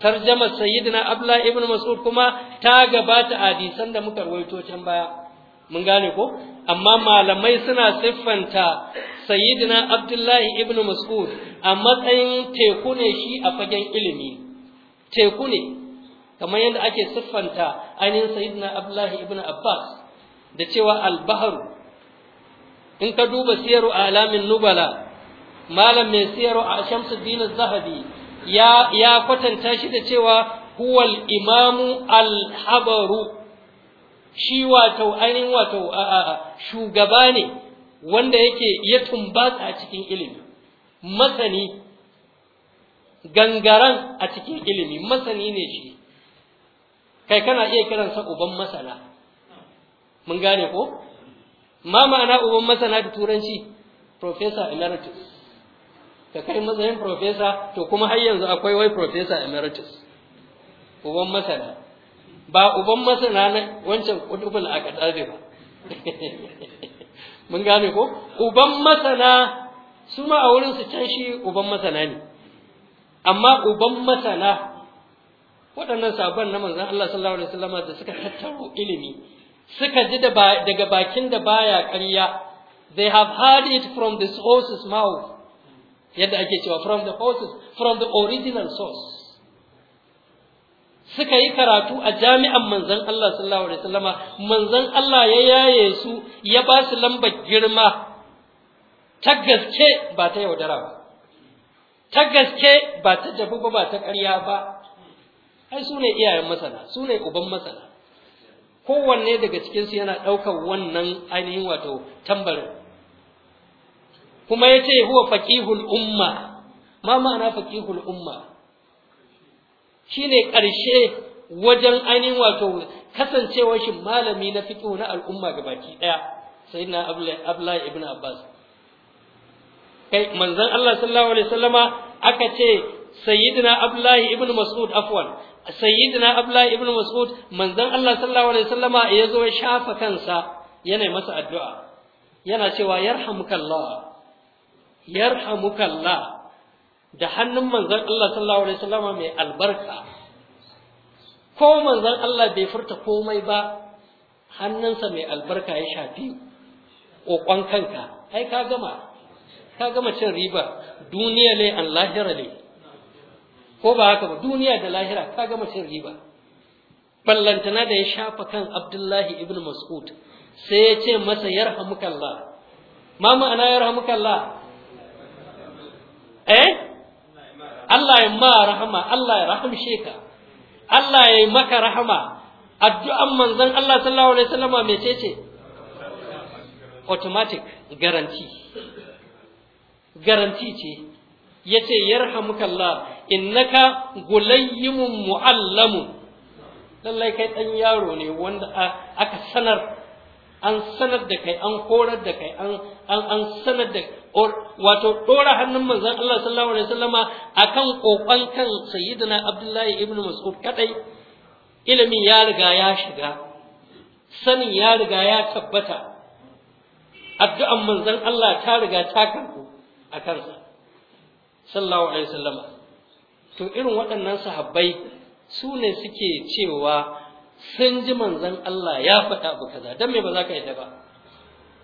tarjama sayyidina abdullahi ibn mas'ud kuma ta gabata hadisan da muka rawaito can baya mun gane ko amma malamai suna siffanta sayyidina abdullahi ibn mas'ud a matsayin teku ne shi a fagen ilimi teku ne kamar yadda ake siffanta ainihin sayyidina abdullahi ibn abbas da cewa albahru in ka duba siyaru a alamin nubala malam mai siyaru a dinar zahabi ya ya kwatanta shi da cewa huwal imamu alhabaru shi wato ainihin wato shugaba ne wanda yake ya tumbata a cikin ilimi masani gangaran a cikin ilimi masani ne shi kai kana iya kiransa uban masana mun gane ko ma ma'ana uban masana da turanci professor emeritus ka kai matsayin professor to kuma har yanzu akwai wai professor emeritus uban masana ba uban masana na wancan kudubul a kadabe ba mun gane ko uban masana su ma a wurin su can shi uban masana ne amma uban masana waɗannan sabon na manzan Allah sallallahu alaihi wasallam da suka tattaro ilimi suka ji daga bakin da baya ƙarya they have heard it from the sources mouth yadda ake cewa from the sources from the original source suka yi karatu a jami'an manzan Allah sallallahu alaihi wasallama manzan Allah ya yaye su ya ba su lambar girma ta gaske ba ta yaudara ba ta gaske ba ta jabu ba ba ta ƙarya ba ai su ne iyayen masana su ne uban masana kowanne daga cikinsu yana ɗaukar wannan ainihin wato tambarin kuma ya ce huwa faƙihul umma ma ma'ana faƙihul umma shi ne ƙarshe wajen ainihin wato kasancewar shi malami na fiƙihu na al'umma baki ɗaya sai na abdullahi ibn abbas kai manzon allah sallallahu alaihi wasallama aka ce sayyidina abdullahi ibn mas'ud afwan sayyidina abdullahi ibn mas'ud manzon Allah sallallahu alaihi wasallama ya zo ya shafa kansa yana masa addu'a yana cewa yarhamukallah yarhamukallah da hannun manzon Allah sallallahu alaihi wasallama mai albarka ko manzon Allah bai furta komai ba hannunsa mai albarka ya shafi kokon kanka ai ka gama ka gama cin riba duniya ne an lahira ne ko ba haka ba duniya da lahira ka gama cin riba ballantana da ya shafa kan abdullahi ibn mas'ud sai ya ce masa yarhamukallah ma ma'ana yarhamukallah eh Allah ya ma rahama Allah ya rahamshe ka Allah ya yi maka rahama addu'an manzon Allah sallallahu alaihi wasallama mecece automatic guarantee garanti ce ya ce yarhamukallah innaka gulayyimun mu'allamu lallai kai ɗan yaro ne wanda aka sanar an sanar da kai an horar da kai an an sanar da wato dora hannun manzon Allah sallallahu alaihi wasallama akan kokon kan sayyidina Abdullahi ibn Mas'ud kadai ilimin ya riga ya shiga sanin ya riga ya tabbata addu'an manzon Allah ta riga ta karbu a kansa sallallahu alaihi wasallama to irin waɗannan sahabbai su ne suke cewa sun ji manzan Allah ya faɗa abu kaza don me ba za ka yi ba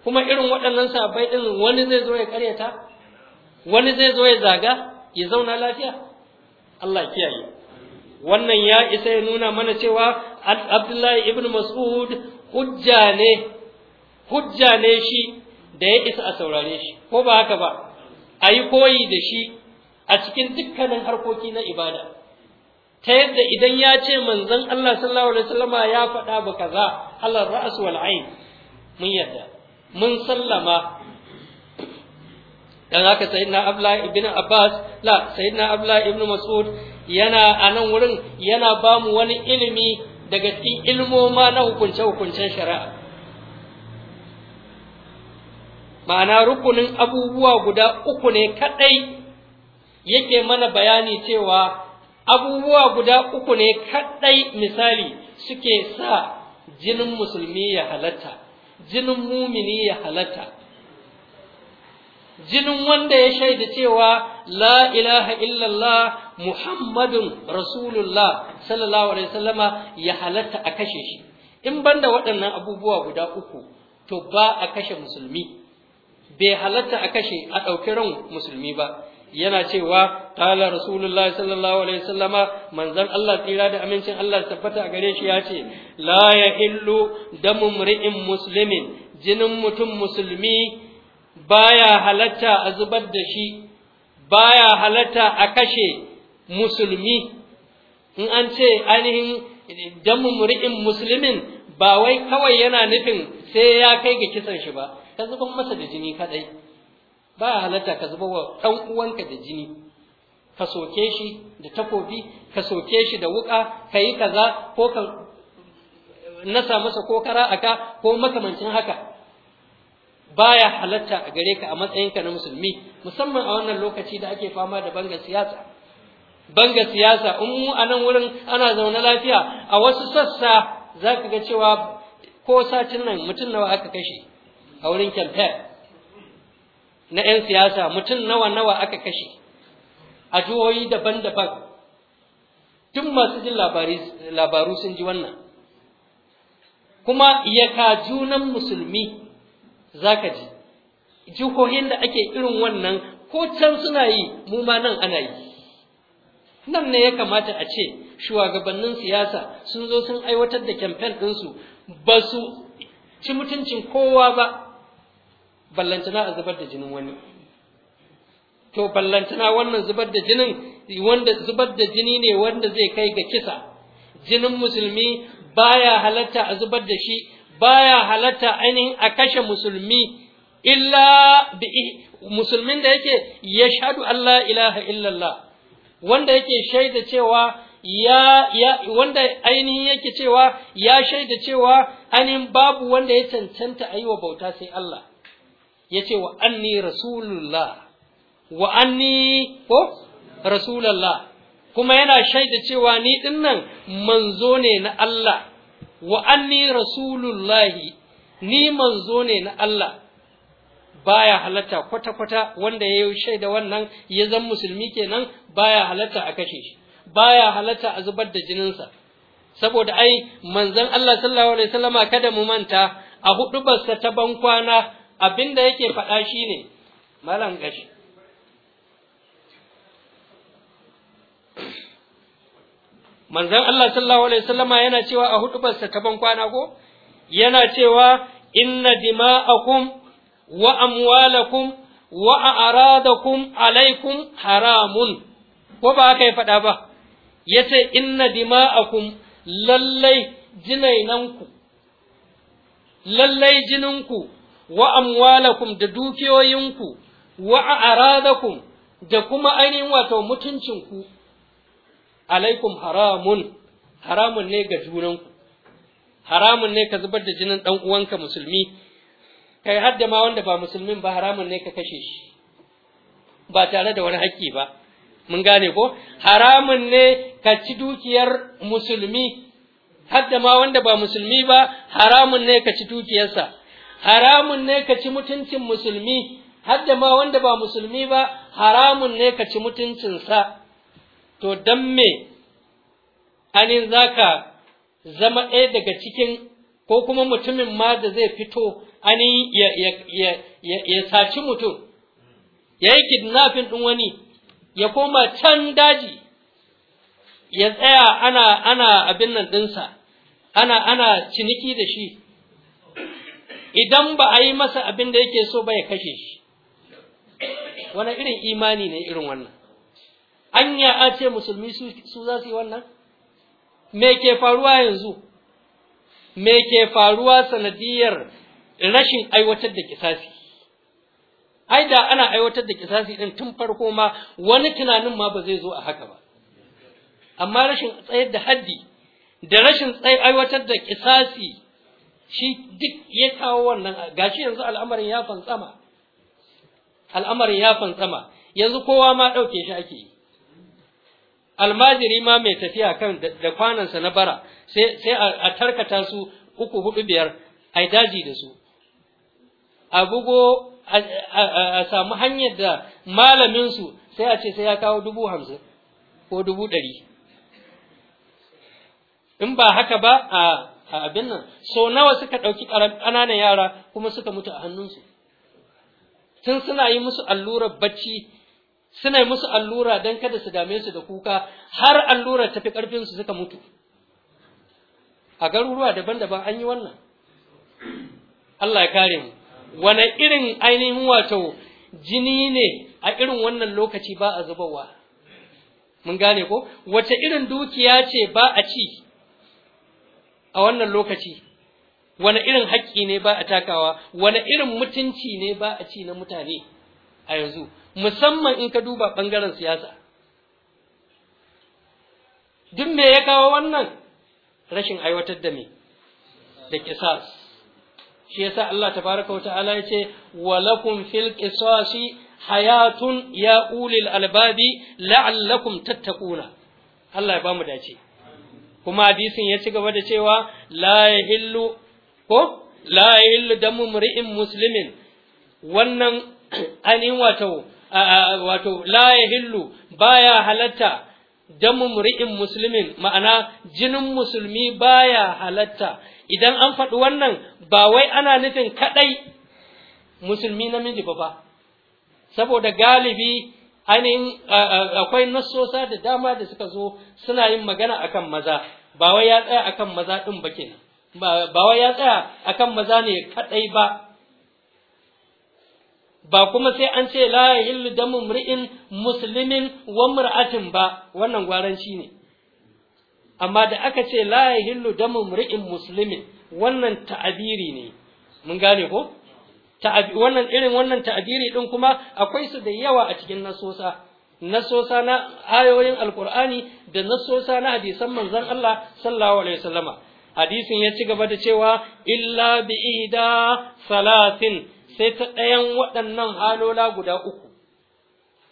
kuma irin waɗannan sahabbai ɗin wani zai zo ya karyata wani zai zo ya zaga ya zauna lafiya Allah kiyaye wannan ya isa ya nuna mana cewa Abdullahi ibn Mas'ud hujja ne hujja ne shi da ya isa a saurare shi ko ba haka ba a yi koyi da shi a cikin dukkanin harkoki na ibada ta yadda idan ya ce manzon Allah sallallahu alaihi wasallama ya faɗa ba kaza halar ra'as wal ain mun yadda mun sallama dan haka sayyidina abla ibn Abbas la sayyidina abla ibn Mas'ud yana a nan wurin yana ba mu wani ilimi daga cikin ilmoma na hukunce-hukuncen shari'a ma'ana rukunin abubuwa guda uku ne kaɗai yake mana bayani cewa abubuwa guda uku ne kaɗai misali suke sa jinin musulmi ya halatta jinin mumini ya halatta jinin wanda ya shaida cewa la ilaha illallah muhammadun rasulullah sallallahu alaihi wasallama ya halatta a kashe shi in banda waɗannan abubuwa guda uku to ba a kashe musulmi bai halatta a kashe a ɗauki ran musulmi ba yana cewa qala rasulullahi sallallahu alaihi wasallama manzon Allah tsira da amincin Allah tabbata a gare shi ya ce la illu damu mri'in muslimin jinin mutum musulmi baya halatta a zubar da shi baya halatta a kashe musulmi in an ce ainihin damu mri'in muslimin ba wai kawai yana nufin sai ya kai ga kisan shi ba ka zubar masa da jini kadai ba halatta ka zuba wa ɗan uwanka da jini ka soke shi da takobi ka soke shi da wuka ka yi kaza ko ka nasa masa ko kara a ka, ko makamancin haka baya halatta a gare ka a matsayinka na musulmi musamman a wannan lokaci da ake fama da banga siyasa banga siyasa in mu a nan wurin ana zaune lafiya a wasu sassa za ka ga cewa ko satin nan mutum nawa aka kashe a wurin campaign na 'yan siyasa mutum nawa-nawa aka kashe a jihohi daban-daban tun masu jin labaru sun ji wannan kuma yaka junan musulmi za ka ji jihohin da ake irin wannan ko can suna yi mu ma nan ana yi nan ne ya kamata a ce shugabannin siyasa sun zo sun aiwatar da kyamfen ɗinsu ba su ci mutuncin kowa ba ballantana a zubar da jinin wani to ballantana wannan zubar da jinin wanda zubar da jini ne wanda zai kai ga kisa jinin musulmi baya halatta a zubar da shi baya halatta ainihin a kashe musulmi illa bi musulmin da yake ya shahadu Allah ilaha illallah wanda yake shaida cewa ya, ya wanda ainihin yake cewa ya shaida cewa anin babu wanda ya cancanta a wa bauta sai Allah ce wa anni rasulullah wa anni ko rasulullah kuma yana shaida cewa ni dinnan manzo ne na Allah wa anni rasulullah ni manzo ne na Allah baya halatta kwata-kwata wanda ya yi shaida wannan ya zan musulmi kenan baya halatta a kashe shi baya halatta a zubar da jininsa saboda ai manzon Allah sallallahu alaihi wasallama kada mu manta a hudu ta bankwana abin da yake faɗa shi ne malam gashi manzon Allah sallallahu alaihi wasallama yana cewa a hudubarsa ta ban kwana ko yana cewa inna dima'akum wa amwalakum wa a'radakum alaikum haramun ko ba haka ya faɗa ba ya ce inna dima'akum lallai jinainanku lallai jininku wa amwalakum da dukiyoyinku wa a'radakum da kuma ainihin wato mutuncinku alaikum haramun haramun ne ga junanku haramun ne ka zubar da jinin dan uwanka musulmi kai hadda ma wanda ba musulmin ba haramun ne ka kashe shi ba tare da wani haƙƙi ba mun gane ko haramun ne ka ci dukiyar musulmi hadda ma wanda ba musulmi ba haramun ne ka ci dukiyarsa haramun ne ka ci mutuncin musulmi hadda ma wanda ba musulmi ba haramun ne ka ci mutuncinsa to dan me anin ka zama ɗaya daga cikin ko kuma mutumin ma da zai fito an ya, ya, saci mutum ya yi kidnafin ɗin wani ya koma can daji ya tsaya ana ana abin nan ɗinsa ana ana ciniki da shi idan ba a yi masa abin da yake so ba ya kashe shi wani irin imani ne irin wannan yi a ce musulmi su za su yi wannan me ke faruwa yanzu me ke faruwa sanadiyar rashin aiwatar da kisasi ai da ana aiwatar da kisasi din tun farko ma wani tunanin ma ba zai zo a haka ba amma rashin tsayar da haddi da rashin aiwatar da kisasi shi duk ya kawo wannan gashi yanzu al'amarin ya fantsama al'amarin ya fantsama yanzu kowa ma ɗauke shi ake yi almajiri ma mai tafiya kan da kwanansa na bara sai a tarkata su uku hudu biyar a daji da su a bugo a samu hanyar da malaminsu sai a ce sai ya kawo dubu hamsin ko dubu ɗari in ba haka ba a a abin nan so nawa suka ɗauki ƙananan yara kuma suka mutu a hannunsu tun suna yi musu allurar bacci suna yi musu allura don kada su dame su da kuka har allurar fi ƙarfinsu suka mutu a garuruwa daban-daban an yi wannan Allah ya kare mu Wani irin ainihin wato jini ne a irin wannan lokaci ba a zubarwa mun gane ko wace irin dukiya ce ba a ci a wannan lokaci wani irin haƙƙi ne ba a takawa wani irin mutunci ne ba a ci na mutane a yanzu musamman in ka duba ɓangaren siyasa duk me ya kawo wannan rashin aiwatar da me da kisas shi yasa Allah tabaraka wa ta'ala ya ce walakun fil qisasi hayatun ya ulil albabi la'allakun tattaquna Allah ya bamu dace kuma hadisin ya ci gaba da cewa la yahillu ko la yahillu damu mri'in muslimin wannan anin wato wato la yahillu baya halatta damu mri'in muslimin ma'ana jinin musulmi baya halatta idan an faɗi wannan ba wai ana nufin kaɗai musulmi namiji ba ba saboda galibi ainihin akwai nasosa da dama da suka zo suna yin magana akan maza ba wai ya tsaya akan maza din ba kenan ba wai ya tsaya akan maza ne kadai ba ba kuma sai an ce la yahillu damu mri'in muslimin wa mar'atin ba wannan gwaranci ne amma da aka ce la yahillu damu mri'in muslimin wannan ta'abiri ne mun gane ko wannan irin wannan ta'abiri din kuma akwai su da yawa a cikin nasosa nasosa na ayoyin alkur'ani da nasosa na hadisan manzon Allah sallallahu alaihi wasallama hadisin ya ci gaba da cewa illa bi ida salatin sai ta ɗayan waɗannan halola guda uku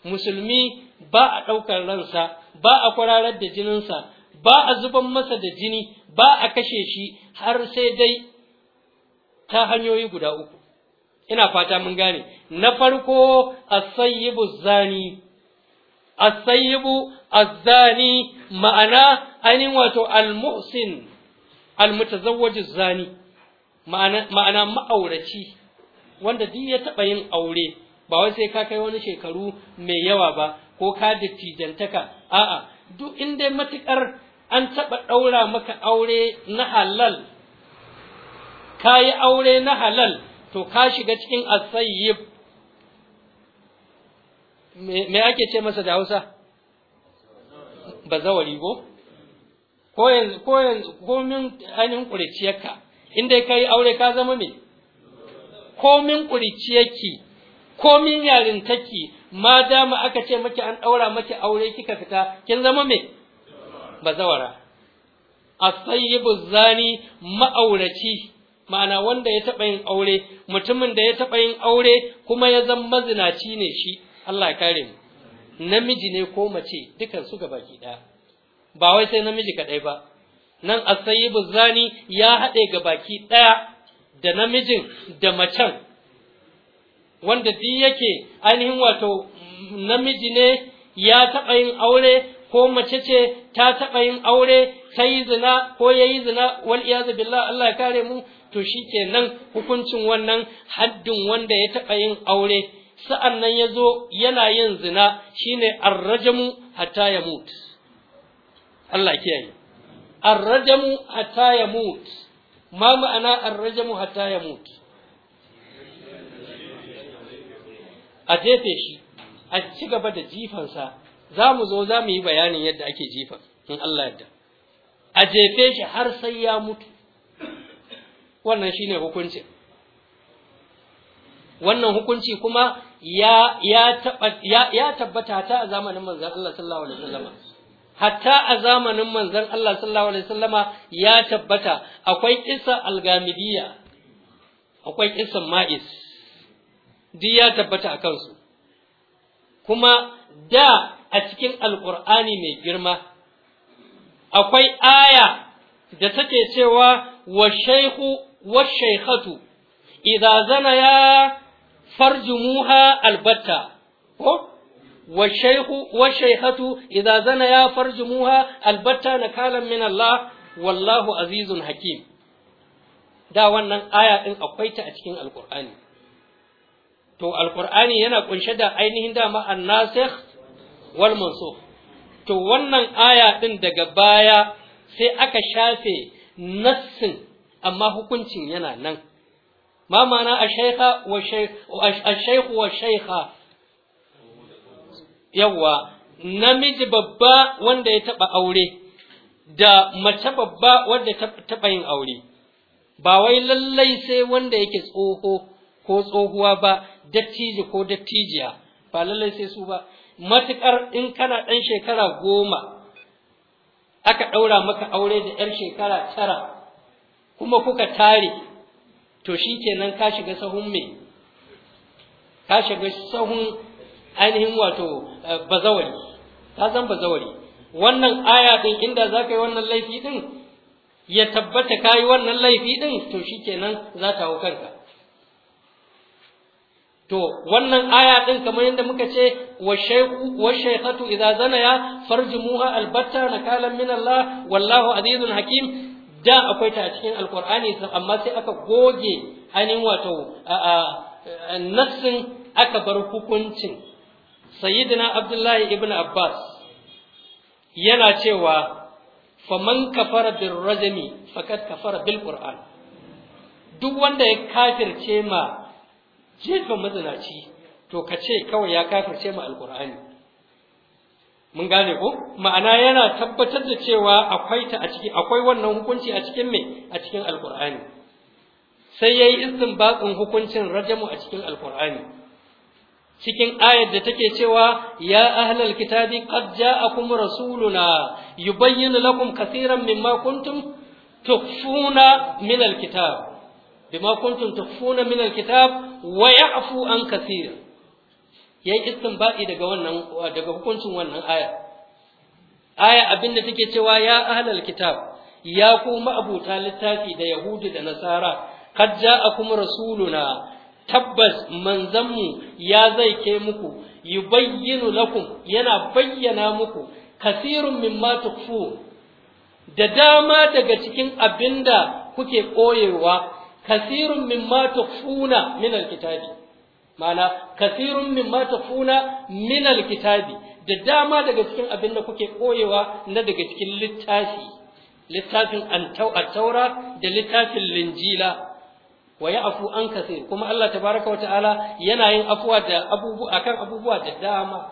musulmi ba a ɗaukar ransa ba a kwararar da jininsa ba a zuban masa da jini ba a kashe shi har sai dai ta hanyoyi guda uku ina fata mun gane na farko a sayyibu zani sayyibu zani ma'ana ainihin wato al-muhsin al ma'ana ma'auraci wanda duk ya taɓa yin aure ba wai sai ka kai wani shekaru mai yawa ba ko ka dattijantaka a'a duk inda matuƙar an taɓa ɗaura maka aure na halal kayi aure na halal to ka shiga cikin asayyib me ake ce masa da Hausa bazawari go ko yanzu ko yanzu komin ainihin kuriciyarka inda ka yi aure ka zama me komin kuriciyarki komin yarintaki ma dama aka ce maki an daura maki aure kika fita kin zama me bazawara asayyibu zani ma'auraci ma'ana wanda ya taɓa yin aure mutumin da ya taɓa yin aure kuma ya zan mazinaci ne shi Allah ya kare mu namiji ne ko mace dukan su baki ɗaya ba wai sai namiji kaɗai ba nan asayibu zani ya haɗe ga baki ɗaya da namijin da macen wanda duk yake ainihin wato namiji ne ya taɓa yin aure ko mace ce ta taɓa yin aure ta zina ko ya yi zina wal iyazu billah Allah ya kare mu to shi nan hukuncin wannan haddin wanda ya taɓa yin aure sa'an nan ya zo yana yin zina shine arrajamu hatta ya mut Allah kiyaye arrajamu hatta ya mut ma ma'ana arrajamu hatta ya mut a jefe shi a ci gaba da jifansa za mu zo za mu yi bayanin yadda ake jifa. in Allah yadda a jefe shi har sai ya mutu wannan shine hukuncin wannan hukunci kuma ya tabbata ta a zamanin manzan Allah sallallahu alaihi wasallam hatta a zamanin manzan Allah sallallahu alaihi wasallam ya tabbata akwai kissa algamidiya, akwai isa ma'is duk ya tabbata a kansu kuma da a cikin alkur'ani mai girma akwai aya da take cewa wa shaihu والشيخة إذا زنيا فرجموها البتة والشيخ والشيخة إذا زنيا فرجموها البتة نكالا من الله والله عزيز حكيم da wannan aya ɗin akwai ta a cikin alkur'ani to alkur'ani yana kunshe da ainihin dama annasikh wal mansukh to wannan aya ɗin daga baya sai aka shafe nassin amma hukuncin yana nan ma mana shaiha wa wa shaika. Yawwa, namiji babba wanda ya taba aure da mace babba wanda ta taba yin aure ba wai lallai sai wanda yake tsoho ko tsohuwa ba dattiji ko dattijiya ba lallai sai su ba matuƙar in kana ɗan shekara goma aka ɗaura maka aure da ‘yar shekara tara kuma kuka tare to shi ka shiga sahun me ka shiga sahun ainihin wato eh, bazawari ka zan bazawari wannan aya din inda za ka yi wannan laifi din ya tabbata ka yi wannan laifi din to shi za ta hau kanka to wannan aya din kamar yadda muka ce wa shaykhu wa shaykhatu idza zanaya farjumuha albatta nakalan min Allah wallahu azizun hakim da akwai ta a cikin alkur'ani amma sai aka goge ainihin wato nassin aka bar hukuncin sayyidina abdullahi ibn abbas yana cewa faman kafara bil rajmi faqad kafara bil qur'an duk wanda ya kafirce ma jefa mazinaci to kace kawai ya kafirce ma alkur'ani mun gane ko ma'ana yana tabbatar da cewa akwai ta a ciki akwai wannan hukunci a cikin me a cikin alqur'ani sai yayi izin bakin hukuncin rajamu a cikin alqur'ani cikin ayar da take cewa ya ahlal kitabi qad ja'akum rasuluna yubayyinu lakum kaseeran mimma kuntum tukhfuna min alkitab bima kuntum tukhfuna min alkitab wa ya'fu an kaseeran yayi baɗi daga wannan daga hukuncin wannan aya aya abinda take cewa ya ahlal kitab ya ku ma'abuta littafi da Yahudu da nasara a ja'akum rasuluna tabbas manzanmu ya zai ke muku yubayyinu lakum yana bayyana muku kasirun mimma tukfu da dama daga cikin abinda kuke koyewa kasirun mimma tukfuna min alkitabi mana kasirun mimma tafuna min alkitabi da dama daga cikin abin da kuke koyewa na daga cikin littafi littafin a taura da littafin linjila wa afu an kasir kuma Allah tabaraka wata'ala yana yin afuwa da abubu akan abubuwa da dama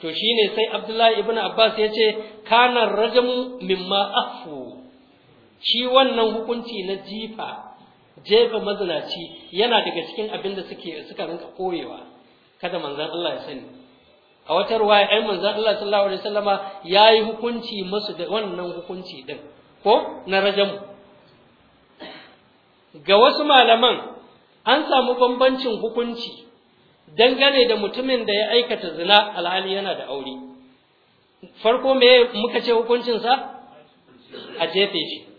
to shine sai Abdullahi ibn Abbas ya ce kana rajamu mimma afu shi wannan hukunci na jifa jefa mazinaci yana daga cikin abin da suke suka rinka koyewa kada manzan Allah ya sani a wata ruwa ya manzan Allah sallallahu alaihi wasallama yayi hukunci musu da wannan hukunci din ko na rajam ga wasu malaman an samu bambancin hukunci dangane da mutumin da ya aikata zina alhali yana da aure farko me muka ce hukuncinsa a jefe shi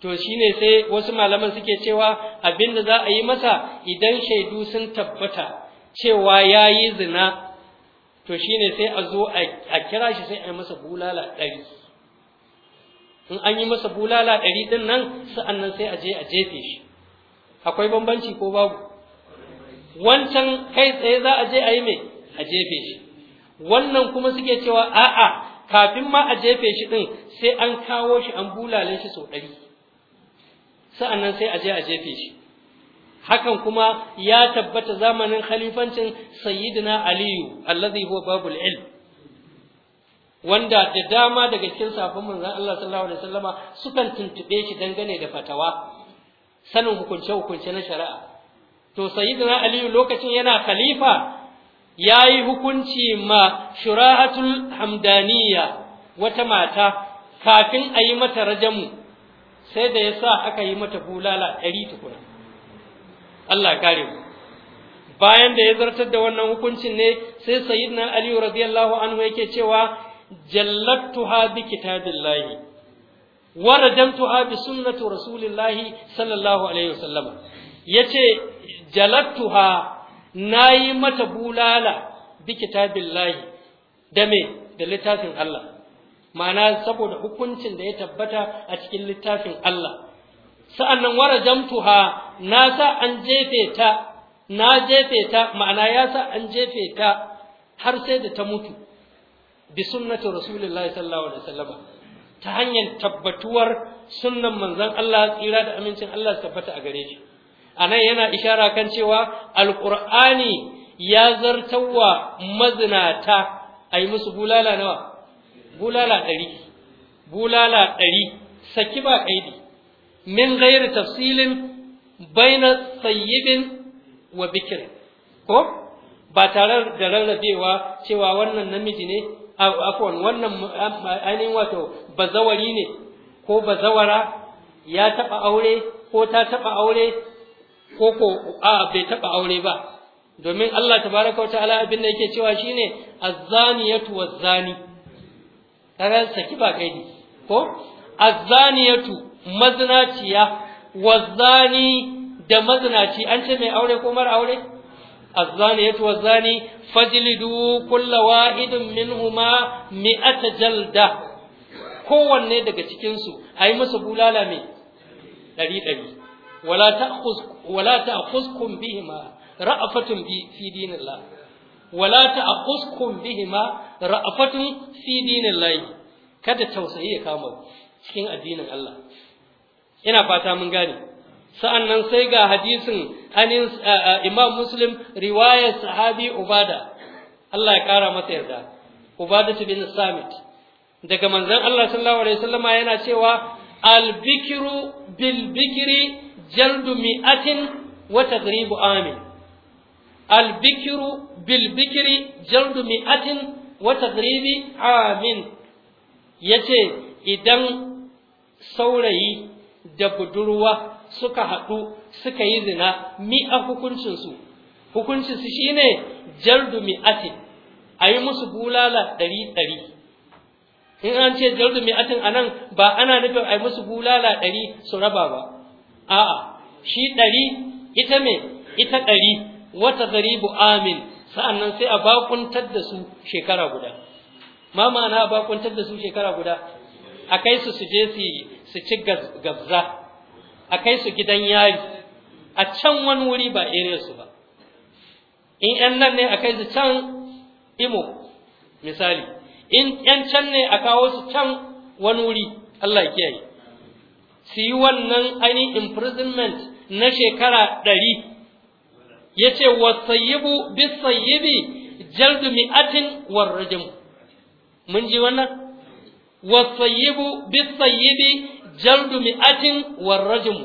to shi ne sai wasu malaman suke cewa abinda za a yi masa idan shaidu sun tabbata cewa ya yi zina to shi ne sai a zo a kira shi sai a yi masa bulala ɗari in an yi masa bulala ɗari ɗin nan sa'an nan sai a je a jefe shi akwai bambanci ko babu wancan kai tsaye za a je a yi mai a jefe shi wannan kuma suke cewa a'a kafin ma a jefe shi ɗin sai an kawo shi an bulale shi sau ɗari sa'annan sai a je a jefe shi hakan kuma ya tabbata zamanin khalifancin sayyidina aliyu allazi huwa babul il wanda da dama daga cikin safin manzon Allah sallallahu alaihi wasallama sukan tuntube shi dangane da fatawa sanin hukunce hukunce na shari'a to sayyidina aliyu lokacin yana khalifa yi hukunci ma shura'atul hamdaniya wata mata kafin a yi mata rajamu sai da ya sa aka yi mata bulala ɗari tukuna Allah kare mu bayan da ya zartar da wannan hukuncin ne sai sayyidina Aliyu radiyallahu anhu yake cewa ha bi kitabillahi wa ha bi sunnati rasulillahi sallallahu alaihi wasallam yace jalattuha nayi mata bulala bi kitabillahi da me da littafin Allah ma'ana saboda hukuncin da ya tabbata a cikin littafin Allah sa'annan jamtuha na sa an jefe ta na jefe ta ma'ana ya sa an jefe ta har sai da ta mutu bi sunnatin rasulullahi sallallahu alaihi wasallam ta hanyar tabbatuwar sunnan manzon Allah tsira da amincin Allah tabbata a gare shi anan yana ishara kan cewa alqur'ani ya zartawa mazinata ai musu bulala nawa bulala ɗari bulala ɗari saki ba ƙaidi min gairi tafsilin baina sayyibin wa bikin. ko ba tare da rarrabewa cewa wannan namiji ne afon wannan ainihin wato bazawari ne ko bazawara ya taɓa aure ko ta taɓa aure ko ko a bai taɓa aure ba domin Allah tabaraka wa ta'ala abin da yake cewa shine az-zaniyatu waz-zani kaga saki ba ne, ko azzaniyatu mazinaciya wazzani da mazinaci an ce mai aure ko mara aure azzaniyatu wazzani fajlidu kulla wahidin minhuma mi'ata jalda kowanne daga cikin su ayi musu bulala mai dari dari wala ta'khuz wala ta'khuzkum bihima ra'afatun bi fi dinillah wala ta'quskum bihima ra'afatun fi dinillahi kada tausayi ya kama cikin addinin Allah ina fata mun gane sa'annan sai ga hadisin anin Imam Muslim riwayar sahabi Ubada Allah ya kara masa yarda Ubada bin Samit daga manzon Allah sallallahu alaihi wasallama yana cewa al-bikru bil bikri jaldu mi'atin wa tagribu amin albikiru bilbikiri jaldu mi'atin wa tagribi amin yace idan saurayi da budurwa suka haɗu suka yi zina mi'a hukuncinsu hukuncinsu ne jaldu mi'atin a yi musu bulala ɗari ɗari in an ce jaldu mi'atin a nan ba ana nufin a yi musu bulala ɗari su raba ba a'a shi ɗari ita me ita ɗari wata garibu amin sa'annan sai a bakuntar da su shekara guda ma ma'ana a bakuntar da su shekara guda a kai su su je su ci gabza a kai su gidan yari a can wani wuri ba area su ba in yan nan ne a kai su can imo misali in yan can ne a kawo su can wani wuri Allah ya kiyaye su yi wannan ainihin imprisonment na shekara ɗari yace wasayyibu bisayyibi jaldu mi'atin war rajm mun ji wannan wasayyibu bisayyibi jaldu mi'atin war rajm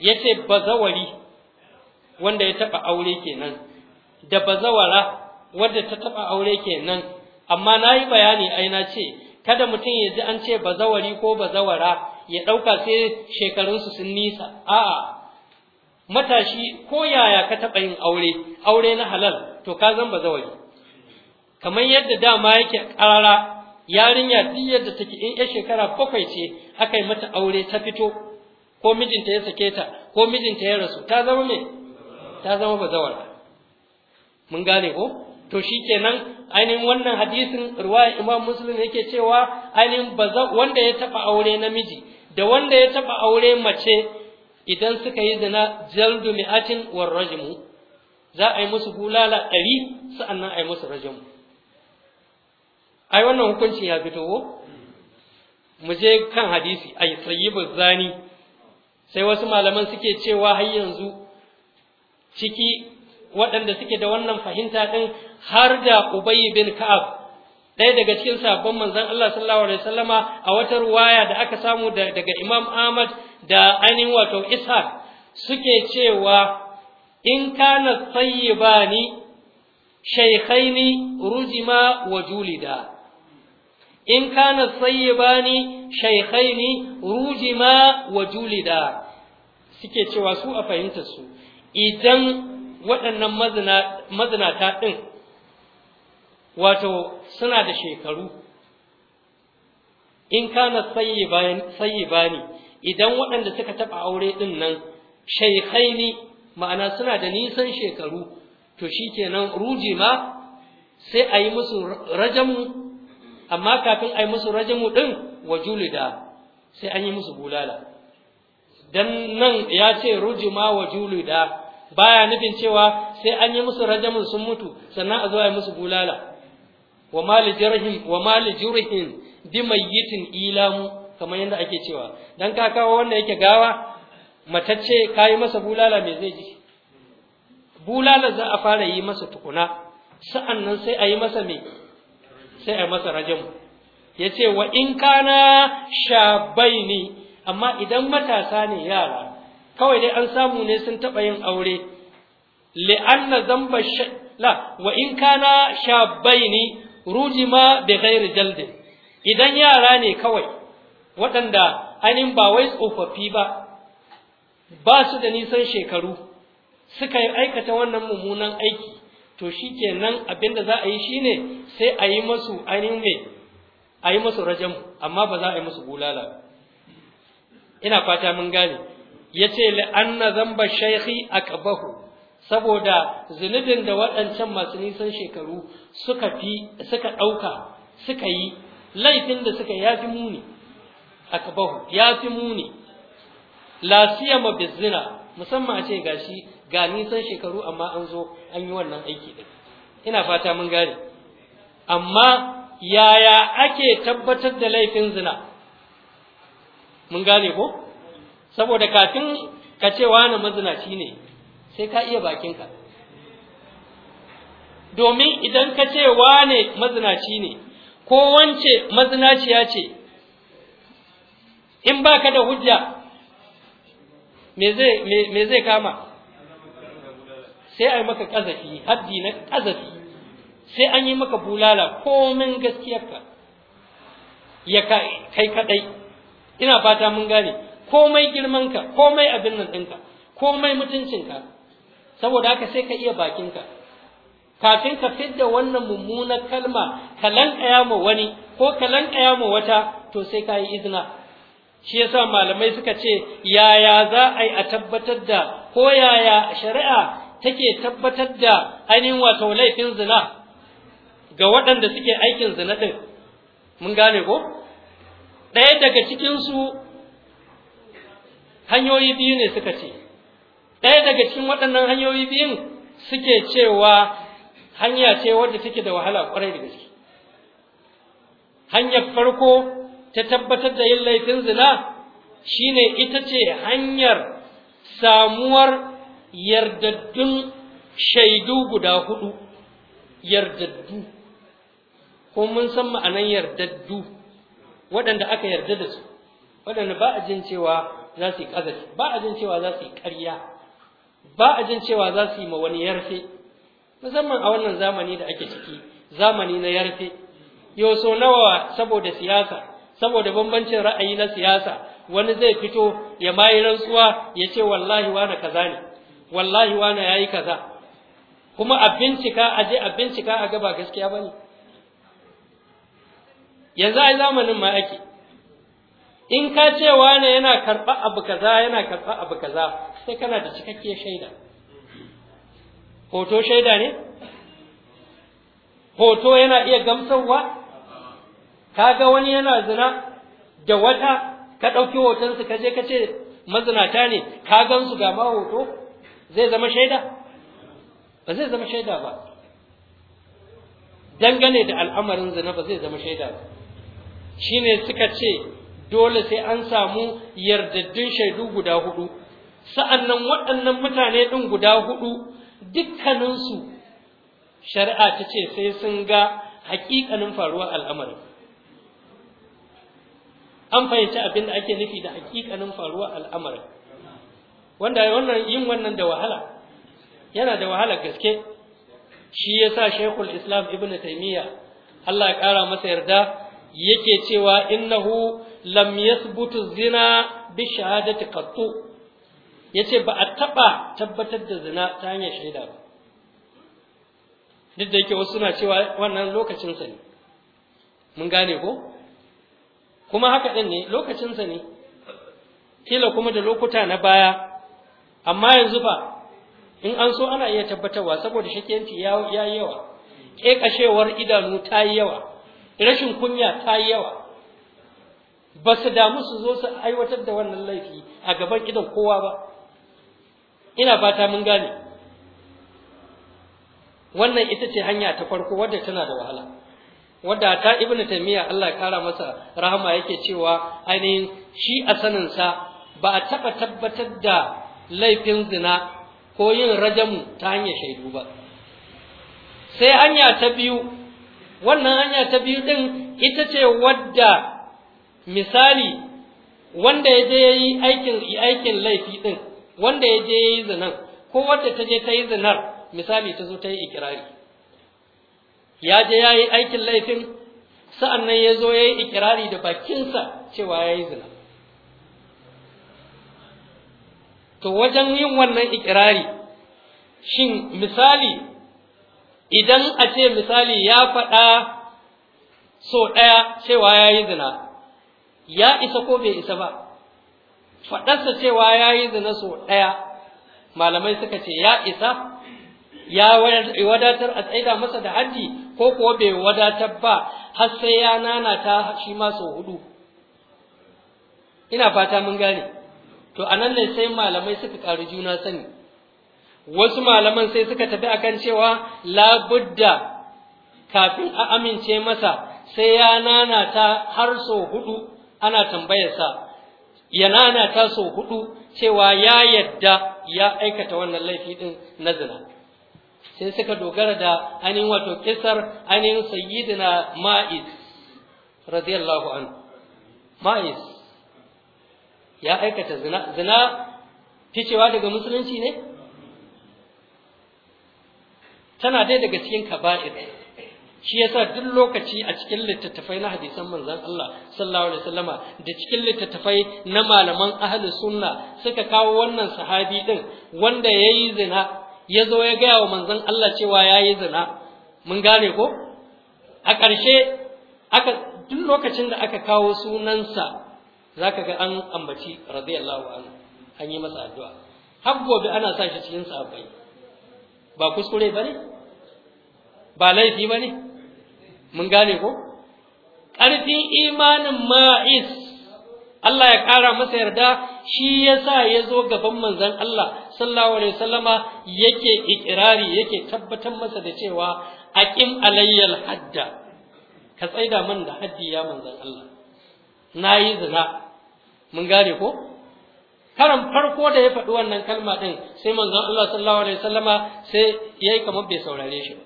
yace bazawari wanda ya taba aure kenan da bazawara wadda ta taba aure kenan amma nayi bayani ai na ce kada mutum ya ji an ce bazawari ko bazawara ya dauka sai shekarunsu sun nisa a'a matashi ko yaya ka taɓa yin aure aure na halal to ka zan bazawari kamar yadda dama yake ƙarara yarinya duk yadda take in ya shekara bakwai ce aka yi mata aure ta fito ko mijinta ya sake ta ko mijinta ya rasu ta zama me ta zama bazawara mun gane ko to shikenan ainihin wannan hadisin ruwaya imam muslim yake cewa ainihin wanda ya taɓa aure namiji da wanda ya taɓa aure mace idan suka yi zina jaldu mi'atin war rajmu za a yi musu bulala ɗari sa'annan a yi musu rajmu ai wannan hukuncin ya fito ko mu je kan hadisi a ai ba zani sai wasu malaman suke cewa har yanzu ciki waɗanda suke da wannan fahimta ɗin har da Ubayy bin Ka'ab ɗaya daga cikin sabon manzon Allah sallallahu alaihi wasallama a wata ruwaya da aka samu daga Imam Ahmad da ainihin wato isa suke cewa in kana ni, shaikhaini rujima wa julida in kana ni, shaikhaini rujima wa julida suke cewa su a fahimtar su idan waɗannan mazinata ɗin wato suna da shekaru in kana ni. idan waɗanda suka taɓa aure ɗin nan ni ma'ana suna da nisan shekaru to shi shikenan ruji ma sai a yi musu rajamu amma kafin a yi musu rajamu ɗin wa julida sai an yi musu bulala dan nan ya ce rujima wa julida baya nufin cewa sai an yi musu rajamu sun mutu sannan a zuwa a yi musu bulala wa mali jirhin wa mali jirhin bi ilamu kamar yadda ake cewa dan ka kawo wanda yake gawa matacce yi masa bulala me zai ji bulala za a fara yi masa tukuna sa'annan sai a yi masa me sai a yi masa Ya yace wa in kana shabaini amma idan matasa ne yara kawai dai an samu ne sun taɓa yin aure li'anna zamba la wa in kana shabaini rujima bi ghairi jaldin idan yara ne kawai waɗanda ainihin ba wai tsofaffi ba ba su da nisan shekaru suka yi aikata wannan mummunan aiki to shi nan abin da za a yi shi ne, sai a yi masu ainihin mai a yi masu rajen amma ba za a yi masu bulala ina fata mun gane ya ce la'anna zamba shaikhi akabahu saboda zunubin da waɗancan masu nisan shekaru suka fi suka ɗauka suka yi laifin da suka yafi muni akbahu ya fi muni la ma bizina musamman a ce gashi ga nisan shekaru amma an zo an yi wannan aiki din ina fata mun gane amma yaya ake tabbatar da laifin zina mun gane ko saboda kafin ka ce wani mazinaci ne sai ka iya bakinka domin idan ka ce wane mazinaci ne ko wance mazinaciya ce in ba ka da hujja me zai kama sai a yi maka ƙazafi haddi na ƙazafi sai an yi maka bulala komin gaskiyarka ya kai kaɗai ina fata mun gane komai girmanka komai abin nan ɗinka komai mutuncinka saboda haka sai ka iya bakinka kafin ka fidda wannan mummunar kalma ka lanƙaya ma wani ko ka lanƙaya ma wata to sai ka yi izina shi yasa malamai suka ce yaya za a yi a tabbatar da ko yaya shari'a take tabbatar da ainihin wato laifin zina ga waɗanda suke aikin zina ɗin mun gane ko ɗaya daga cikinsu hanyoyi biyu ne suka ce ɗaya daga cikin waɗannan hanyoyi biyun suke cewa hanya ce wadda take da wahala ƙwarai da gaske hanyar farko ta tabbatar da yin laifin zina shine ita ce hanyar samuwar yardaddun shaidu guda hudu yardaddu ko mun san ma'anan yardaddu waɗanda aka yarda da su waɗanda ba a jin cewa za su yi ƙazari ba a jin cewa za su yi ƙarya ba a jin cewa za su yi ma wani yarfe musamman a wannan zamani da ake ciki zamani na yarfe yau so nawa saboda siyasa saboda bambancin ra'ayi na siyasa wani zai fito ya mai rantsuwa ya ce wallahi wani kaza ne wallahi wani yayi kaza kuma a bincika a je a bincika a gaba gaskiya bane yanzu ai zamanin ma ake in ka ce wani yana karɓa abu kaza yana karɓa abu kaza sai kana da cikakkiyar shaida hoto shaida ne hoto yana iya gamsarwa kaga wani yana zina da wata ka ɗauki hotonsu ka je ka ce mazinata ne ka gan ga ma hoto zai zama shaida ba zai zama shaida ba dangane da al'amarin zina ba zai zama shaida ba shine suka ce dole sai an samu yardaddun shaidu guda hudu sa'annan waɗannan mutane ɗin guda hudu dukkaninsu shari'a ta ce sai sun ga haƙiƙanin faruwar al'amarin an fahimci abin da ake nufi da hakikanin faruwa al'amari wanda wannan yin wannan da wahala yana da wahala gaske shi yasa shekul Islam Ibn taimiyya Allah ya kara masa yarda yake cewa innahu lam yathbutu zina bi shahadati qattu yace ba a taba tabbatar da zina ta hanyar shaida ba duk da yake wasu suna cewa wannan lokacin sa ne mun gane ko kuma haka ɗin ne lokacinsa ne kila kuma da lokuta na baya amma yanzu fa in an so ana iya tabbatarwa saboda shakiyanci ya yi yawa ƙeƙashewar idanu ta yi yawa rashin kunya ta yi yawa ba su damu su zo su aiwatar da wannan laifi a gaban idan kowa ba ina fata mun gane wannan ita ce hanya ta farko wadda tana da wahala wadda ta ibn taymiya Allah ya kara masa rahama yake cewa ainihin shi a sanin sa ba a taba tabbatar da laifin zina ko yin rajamu ta hanyar shaidu ba sai hanya ta biyu wannan hanya ta biyu din ita ce wadda misali wanda ya je yayi aikin aikin laifi din wanda ya je yayi zinan ko wadda ta je ta yi zinar misali ta zo ta yi ikirari ya je ya yi aikin laifin sa'an nan ya zo ya yi ikirari da bakinsa cewa ya yi zina to wajen yin wannan ikirari shin misali idan a ce misali ya faɗa so ɗaya cewa ya yi zina ya isa ko bai isa ba faɗarsa cewa ya yi zina so ɗaya malamai suka ce ya isa ya wadatar a tsaida masa da haddi ko kuwa bai wadatar ba har sai ya nanata shi ma sau hudu ina fata mun gane to a nan ne sai malamai suka ƙari juna sani wasu malaman sai suka tafi a kan cewa labudda kafin a amince masa sai ya nanata har sau hudu ana tambayarsa ya nanata sau hudu cewa ya yadda ya aikata wannan laifi ɗin na zina sai suka dogara da ainihin wato kisar ainihin sayyidina ma'is radiyallahu an ma'is ya aikata zina zina ficewa daga musulunci ne tana dai daga cikin kaba'ir shi yasa duk lokaci a cikin littattafai na hadisan manzon Allah sallallahu alaihi wasallama da cikin littattafai na malaman ahli sunna suka kawo wannan sahabi din wanda yayi zina ya zo ya gaya wa manzon Allah cewa ya yi zina mun gane ko a ƙarshe aka duk lokacin da aka kawo sunansa za ka ga an ambaci radiyallahu anhu an yi masa addu'a har gobe ana sa shi cikin sabai, ba kuskure ba ne ba laifi ba ne mun gane ko ƙarfin imanin ma'is Allah ya ƙara masa yarda shi yasa ya zo gaban manzon Allah sallallahu alaihi wasallama yake ikirari yake tabbatar masa da cewa aqim alayyal hadda ka tsaida min da haddi ya manzon Allah nayi zina mun gane ko karan farko da ya faɗi wannan kalma din sai manzon Allah sallallahu alaihi wasallama sai yayi kamar bai saurare shi ba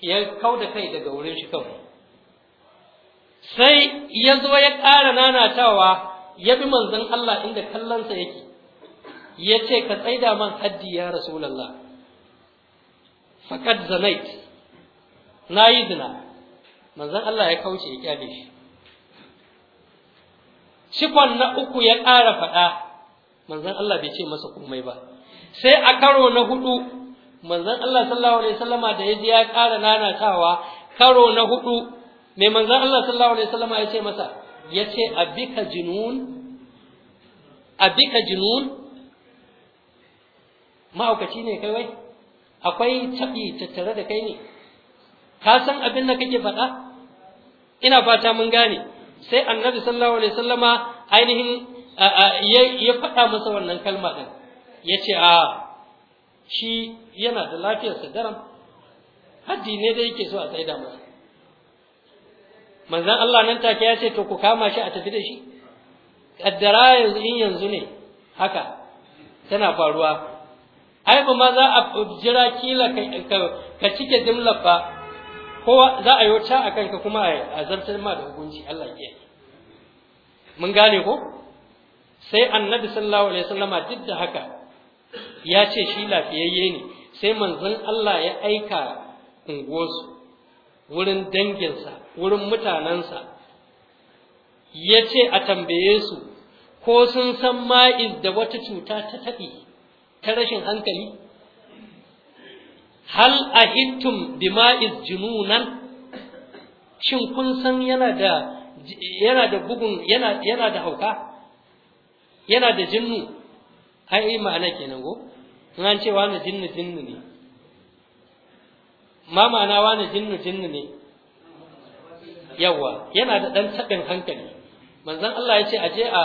ya kauda kai daga wurin shi kawai sai ya zo ya ƙara nanatawa ya bi manzon Allah inda kallonsa yake ya ce ka tsaida man haddi ya rasulallah faƙad zanait na yi zina manzon Allah ya kauce ya kyale shi cikon na uku ya ƙara faɗa manzon Allah bai ce masa komai ba sai a karo na hudu manzon Allah sallallahu alaihi wasallama da ya ji ya ƙara nanatawa karo na hudu mai manzon Allah sallallahu alaihi wasallama ya ce masa yace ce abika jinun abika jinun ma'aukaci ne kai wai akwai taɓi tattare da kai ne ka san abin da kake faɗa ina fata mun gane sai annabi sallallahu alaihi wasallama ainihin ya faɗa masa wannan kalma ɗin ya ce a shi yana da lafiyarsa daram haddi ne da yake so a tsaida masa Manzan Allah nan take ya ce to ku kama shi a tafi da shi kaddara yanzu in yanzu ne haka tana faruwa ai ba ma za a jira kila ka cike jimlar ba kowa za a yi wata a kanka kuma a zartar ma da hukunci Allah ya yi mun gane ko sai annabi sallallahu alaihi wasallam duk da haka ya ce shi lafiyayye ne sai manzon Allah ya aika unguwarsu wurin danginsa wurin mutanensa ya ce a tambaye su ko sun san ma'iz da wata cuta ta taɓi ta rashin hankali hal a hitun bi ma'iz jununan shin kun san yana da bugun yana da hauka yana da jinnu ai ma'ana kenan go an cewa na jinnu jinnu ne ma ma'ana wani jinnu jinnu ne yawa yana da ɗan taɓin hankali manzon Allah ya ce aje a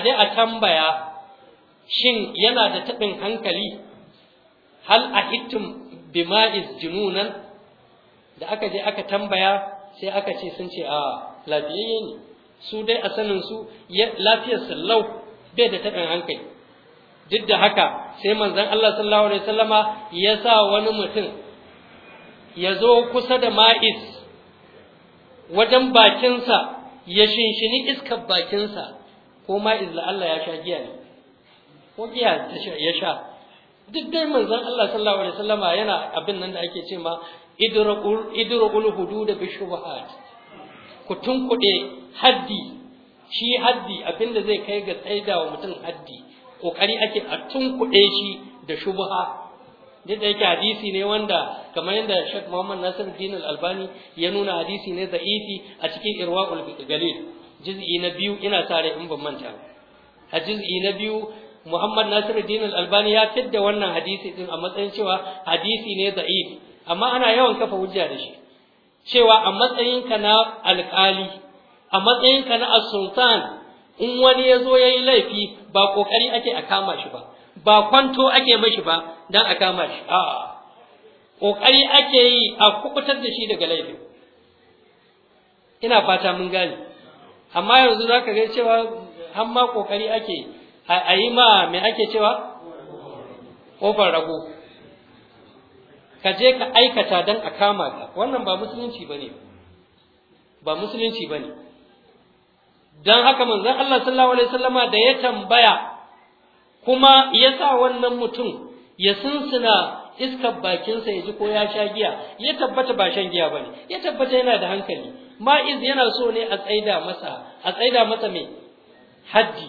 aje a tambaya shin yana da taɓin hankali hal ahittum bima'iz jununan da aka je aka tambaya sai aka ce sun ce a lafiyayye ne su dai a sanin su lafiyar sallau bai da taɓin hankali duk da haka sai manzon Allah sallallahu alaihi wasallama ya sa wani mutum ya zo kusa da ma'is wajen bakinsa ya shinshini iskar bakinsa ko ma'is la Allah ya sha giya ne ko giya ya sha duk dai manzan Allah sallallahu alaihi wasallama yana abin nan da ake ce ma idraqul Hudu da bi shubuhat ku tunkuɗe haddi shi haddi abin da zai kai ga tsaida wa mutum haddi ƙoƙari ake a tunkuɗe shi da shubha duk da yake hadisi ne wanda kamar yadda Sheikh Muhammad Nasiruddin Al-Albani ya nuna hadisi ne za'ifi a cikin Irwaul Galil juz'i na biyu ina tare in ban manta a juz'i na biyu Muhammad Nasiruddin Al-Albani ya fidda wannan hadisi din a matsayin cewa hadisi ne za'ifi. amma ana yawan kafa hujja da shi cewa a matsayin ka na alƙali a matsayin ka na as-sultan in wani ya zo ya yi laifi ba ƙoƙari ake a kama shi ba ba kwanto ake mashi ba dan a kama shi a'a kokari ake yi a kubutar da shi daga laifin ina fata mun gane amma yanzu ka ga cewa har ma kokari ake a yi ma me ake cewa kofar rago ka je ka aikata don a kama ka wannan ba musulunci ba ne, ba musulunci ba ne. Don haka manzon Allah sallallahu alaihi wasallama da ya tambaya kuma ya sa wannan mutum ya sunsuna iskar bakinsa ya ji ko ya sha giya ya tabbata ba shan giya ba ne, ya tabbata yana da hankali ma'iz yana so ne a tsaida masa a tsaida masa mai haddi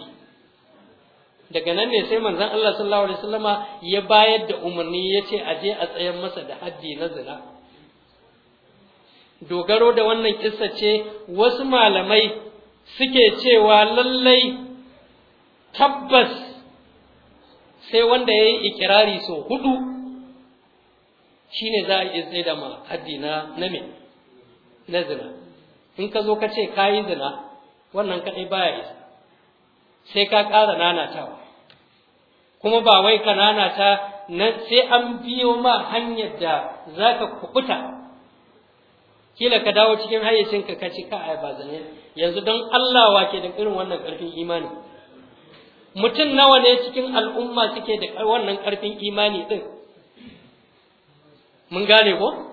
daga nan ne sai manzon Allah sallallahu alaihi wasallama ya bayar da umarni ya ce a je a tsayar masa da haddi na zina dogaro da wannan kissa ce wasu malamai suke cewa lallai tabbas sai wanda ya yi ikirari sau hudu shi ne za a iya sai da ma'addi na name na zina in ka zo ka ce ka yi zina wannan kaɗai baya isa sai ka ƙara nanatawa kuma ba wai ka nanata sai an biyo ma hanyar da za ka kukuta kila ka dawo cikin hayyacinka ka ci ka ai ba zane yanzu don Allah ke da irin wannan ƙarfin imani mutum nawa ne cikin al'umma suke da wannan ƙarfin imani ɗin mun gane ko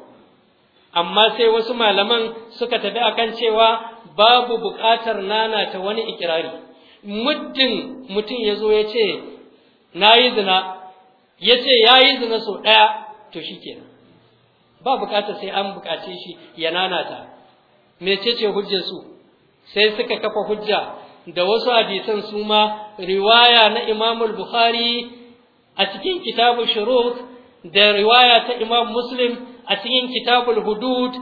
amma sai wasu malaman suka tafi akan cewa babu buƙatar nana ta wani ikirari muddin mutum ya zo ya ce na zina ya ce ya yi zina sau ɗaya to shi ke, ba buƙatar sai an buƙace shi ya ta. nana ce mecece hujjarsu sai suka kafa hujja da wasu hadisan su ma riwaya na Imam Bukhari a cikin Kitabul Shurut da riwaya ta Imam Muslim a cikin Kitabul Hudud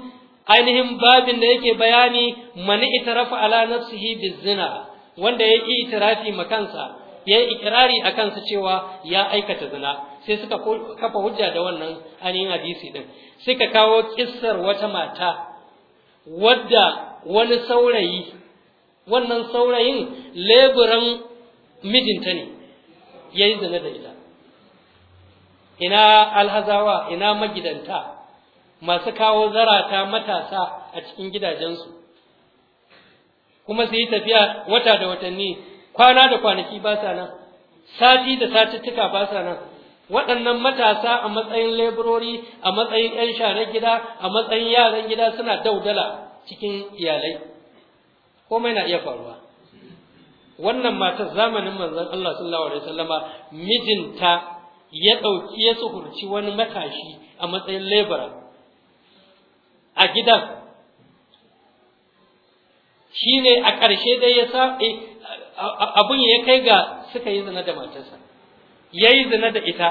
ainihin babin da yake bayani man itarafa ala nafsihi bizina wanda ya yi itirafi makansa ya yi ikirari a kansa cewa ya aikata zina sai suka kafa hujja da wannan ainihin hadisi din suka kawo kissar wata mata wadda wani saurayi wannan saurayin leburan mijinta ne ya yi zina da ita ina alhazawa ina magidanta masu kawo zarata matasa a cikin gidajensu kuma su yi tafiya wata da watanni kwana da kwanaki ba sa nan sati da satuttuka ba sa nan waɗannan matasa a matsayin leburori a matsayin 'yan share gida a matsayin yaran gida suna daudala cikin iyalai komai na iya faruwa wannan matar zamanin manzon Allah sallallahu alaihi wasallama mijinta ya ɗauki ya suhurci wani matashi a matsayin lebura a gidan shi ne a ƙarshe dai ya sa eh, abin ya kai ga suka yi zina da matarsa ya yi zina da ita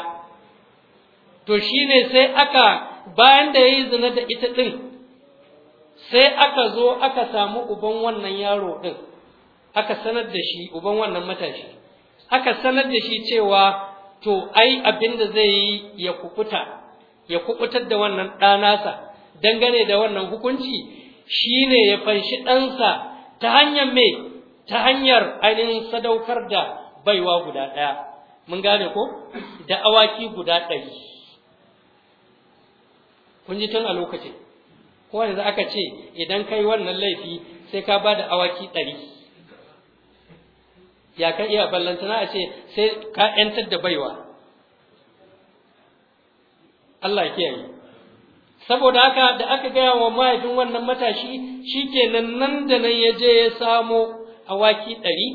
to shine sai aka bayan da ya yi zina da ita ɗin sai aka zo aka samu uban wannan yaro ɗin aka sanar da shi uban wannan matashi aka sanar da shi cewa to ai abin da zai yi ya kukuta ya kukutar da wannan ɗanasa dangane da wannan hukunci shi ne ya fanshi ɗansa ta hanyar mai ta hanyar ainihin sadaukar da baiwa guda ɗaya mun gane ko da awaki guda ɗari kun ji tun a lokacin Kowane za aka ce idan kai wannan laifi sai ka ba da awaki ɗari ya kan iya ballantana a ce sai ka ‘yantar da baiwa Allah ke yi. saboda haka da aka gaya wa mahaifin wannan matashi shi kenan nan da nan ya je ya samo awaki ɗari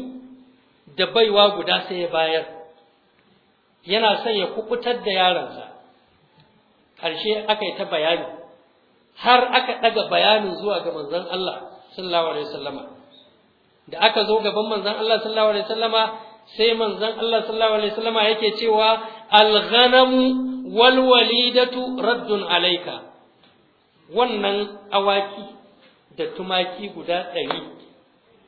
da baiwa guda sai ya bayar yana son ya kuɓutar da yaransa ƙarshe aka yi ta bayani har aka ɗaga bayanin zuwa ga manzon Allah sallallahu alaihi wasallama da aka zo gaban manzon Allah sallallahu alaihi wasallama sai manzon Allah sallallahu alaihi wasallama yake cewa al-ghanamu wal walidatu raddun alayka wannan awaki da tumaki guda ɗari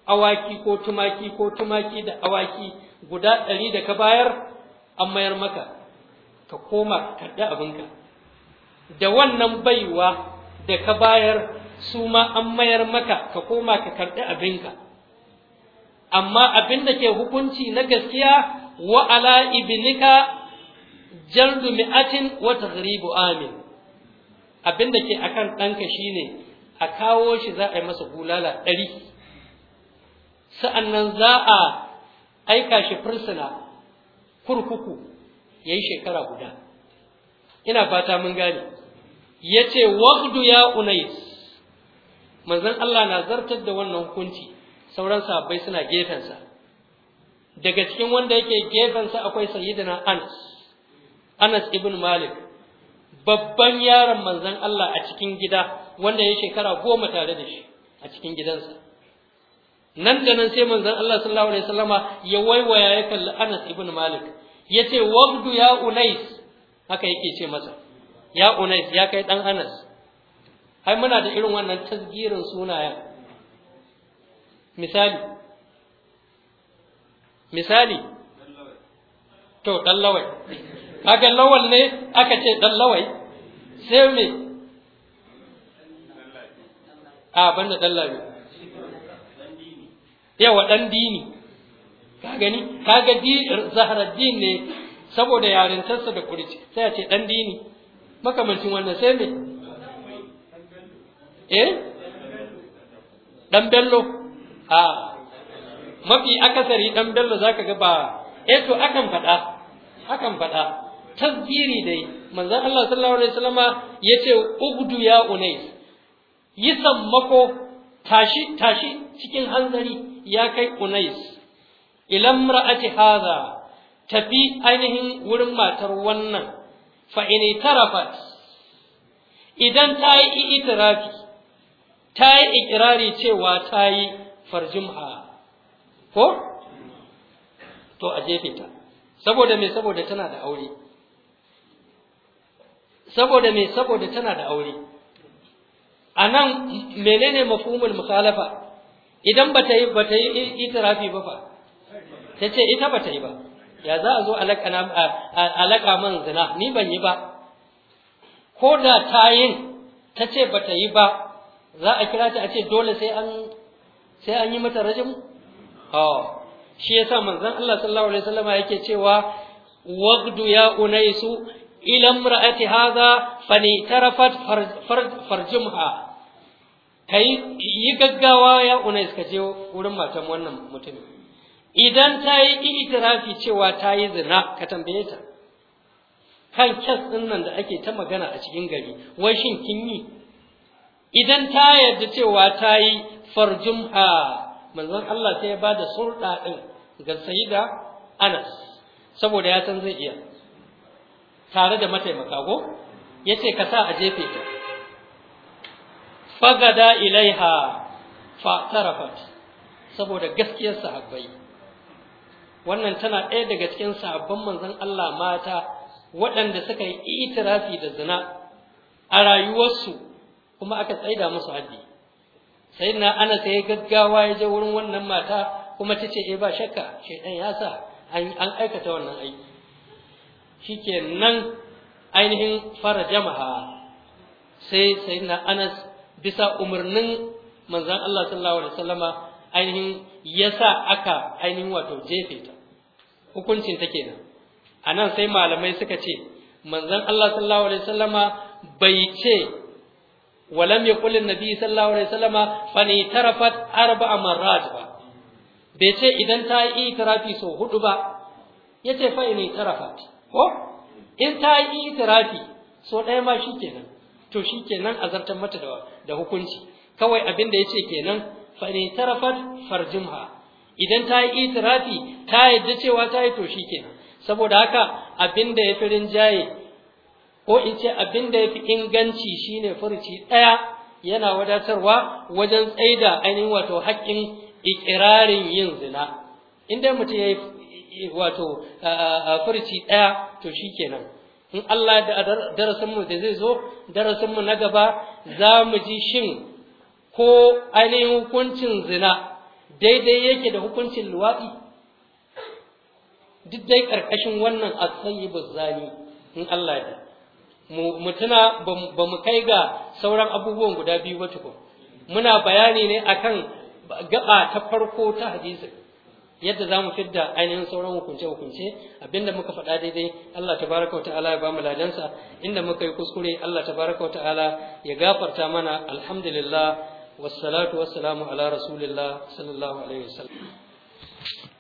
awaki ko tumaki ko tumaki da awaki guda ɗari da ka bayar an mayar maka ka koma ka abinka da wannan baiwa da ka bayar su ma an mayar maka ka koma ka karɗi abinka amma abin da ke hukunci na gaskiya wa ala ibnika jaldu mi'atin wa taghribu amin abin da ke akan ɗanka shine a kawo shi za a yi masa bulala ɗari sa'annan za a aika shi fursuna kurkuku ya yi shekara guda ina fata mun gane ya ce waqdu ya unais manzon Allah na zartar da wannan hukunci sauran sahabbai suna gefensa daga cikin wanda yake gefensa akwai sayyidina Anas Anas ibn Malik babban yaron manzon Allah a cikin gida wanda ya shekara goma tare da shi a cikin gidansa nan da nan sai manzon Allah sallallahu alaihi wasallama ya waiwaya ya kalli Anas ibn Malik yace wahdu ya unais haka yake ce masa ya unais ya kai dan anas ai muna da irin wannan tasgirin sunayen misali misali to dan lawai kaga lawal ne aka ce dan lawai sai me a banda dan lawai yawa dan dini ka gani kaga di zaharaddin ne saboda yarintarsa da kurci sai a ce dan dini makamancin wannan sai me eh dan bello a mafi akasari dan bello zaka ga ba eh to akan faɗa akan faɗa tasbiri dai manzon Allah sallallahu alaihi wasallama yace ugdu ya unais yi sammako tashi tashi cikin hanzari ya kai unais ilan ra'ati hadha tafi ainihin wurin matar wannan fa in tarafat idan ta yi itirafi ta yi ikirari cewa ta yi farjum'a ko to a jefe ta saboda me saboda tana da aure saboda me saboda tana da aure a nan menene mafhumul mukhalafa idan ta yi ta yi itirafi ba fa tace ita ba ta yi ba ya za a zo alaka man zina ni ban yi ba ko da ta yin ta ce ba ta yi ba za a kira ta a ce dole sai an yi mata rajim shi ya yasa manzon Allah sallallahu alaihi wasallama yake cewa wagdu ya unaisu ilan ra'ati haza, fani tarafat farjumha ka yi gaggawa ya unais ka je wurin matan wannan mutumin idan ta yi itirafi cewa ta yi zina ka tambaye ta kan kes ɗin nan da ake ta magana a cikin gari wai shin kin yi idan ta yarda cewa ta yi farjumha manzon Allah sai ya ba da surɗa ɗin ga sayida Anas saboda ya san zai iya tare da mataimaka ko ya ce ka sa a jefe ta fagada ilaiha fa tarafat saboda gaskiyar sahabbai wannan tana ɗaya daga cikin sabon manzon Allah mata waɗanda suka yi itirafi da zina a rayuwarsu kuma aka tsaida musu haddi sai na ana sai gaggawa ya je wurin wannan mata kuma ta ce e ba shakka shaidan ya sa an aikata wannan aiki nan ainihin fara jama'a sai sayyidina Anas bisa umarnin manzon Allah sallallahu alaihi wasallama ainihin sa aka ainihin wato jefe ta hukuncin ta kenan a nan sai malamai suka ce manzon Allah sallallahu alaihi wasallama bai ce walam kulin nabi sallallahu alaihi wasallama fani tarafat arba'a marrat ba bai ce idan ta yi itirafi so hudu ba yace fa ni tarafat ko in ta yi itirafi so ɗaya ma shikenan to shikenan zartar mata da hukunci kawai abin da yace kenan fa in tarafat idan ta yi itirafi ta yadda cewa ta yi to kenan. saboda haka abinda ya fi rinjaye ko in ce abinda ya fi inganci shi ne farci ɗaya yana wadatarwa wajen tsaida ainihin wato haƙƙin ikirarin yin zina inda mutum ya yi wato farci ɗaya to shi kenan. in Allah da darasinmu da zai zo darasinmu na gaba za mu ji shin ko ainihin hukuncin zina daidai yake da hukuncin luwaɗi duk dai ƙarƙashin wannan a ba zani in Allah ya mu tuna ba mu kai ga sauran abubuwan guda biyu ba tukun muna bayani ne akan gaba ta farko ta hadisi yadda za mu fidda ainihin sauran hukunce-hukunce abinda muka faɗa daidai Allah Ta tabaraka ta'ala ya ba mu ladansa inda muka yi kuskure Allah Ta tabaraka ta'ala ya gafarta mana alhamdulillah wassalatu wassalamu ala rasulillah sallallahu alaihi wasallam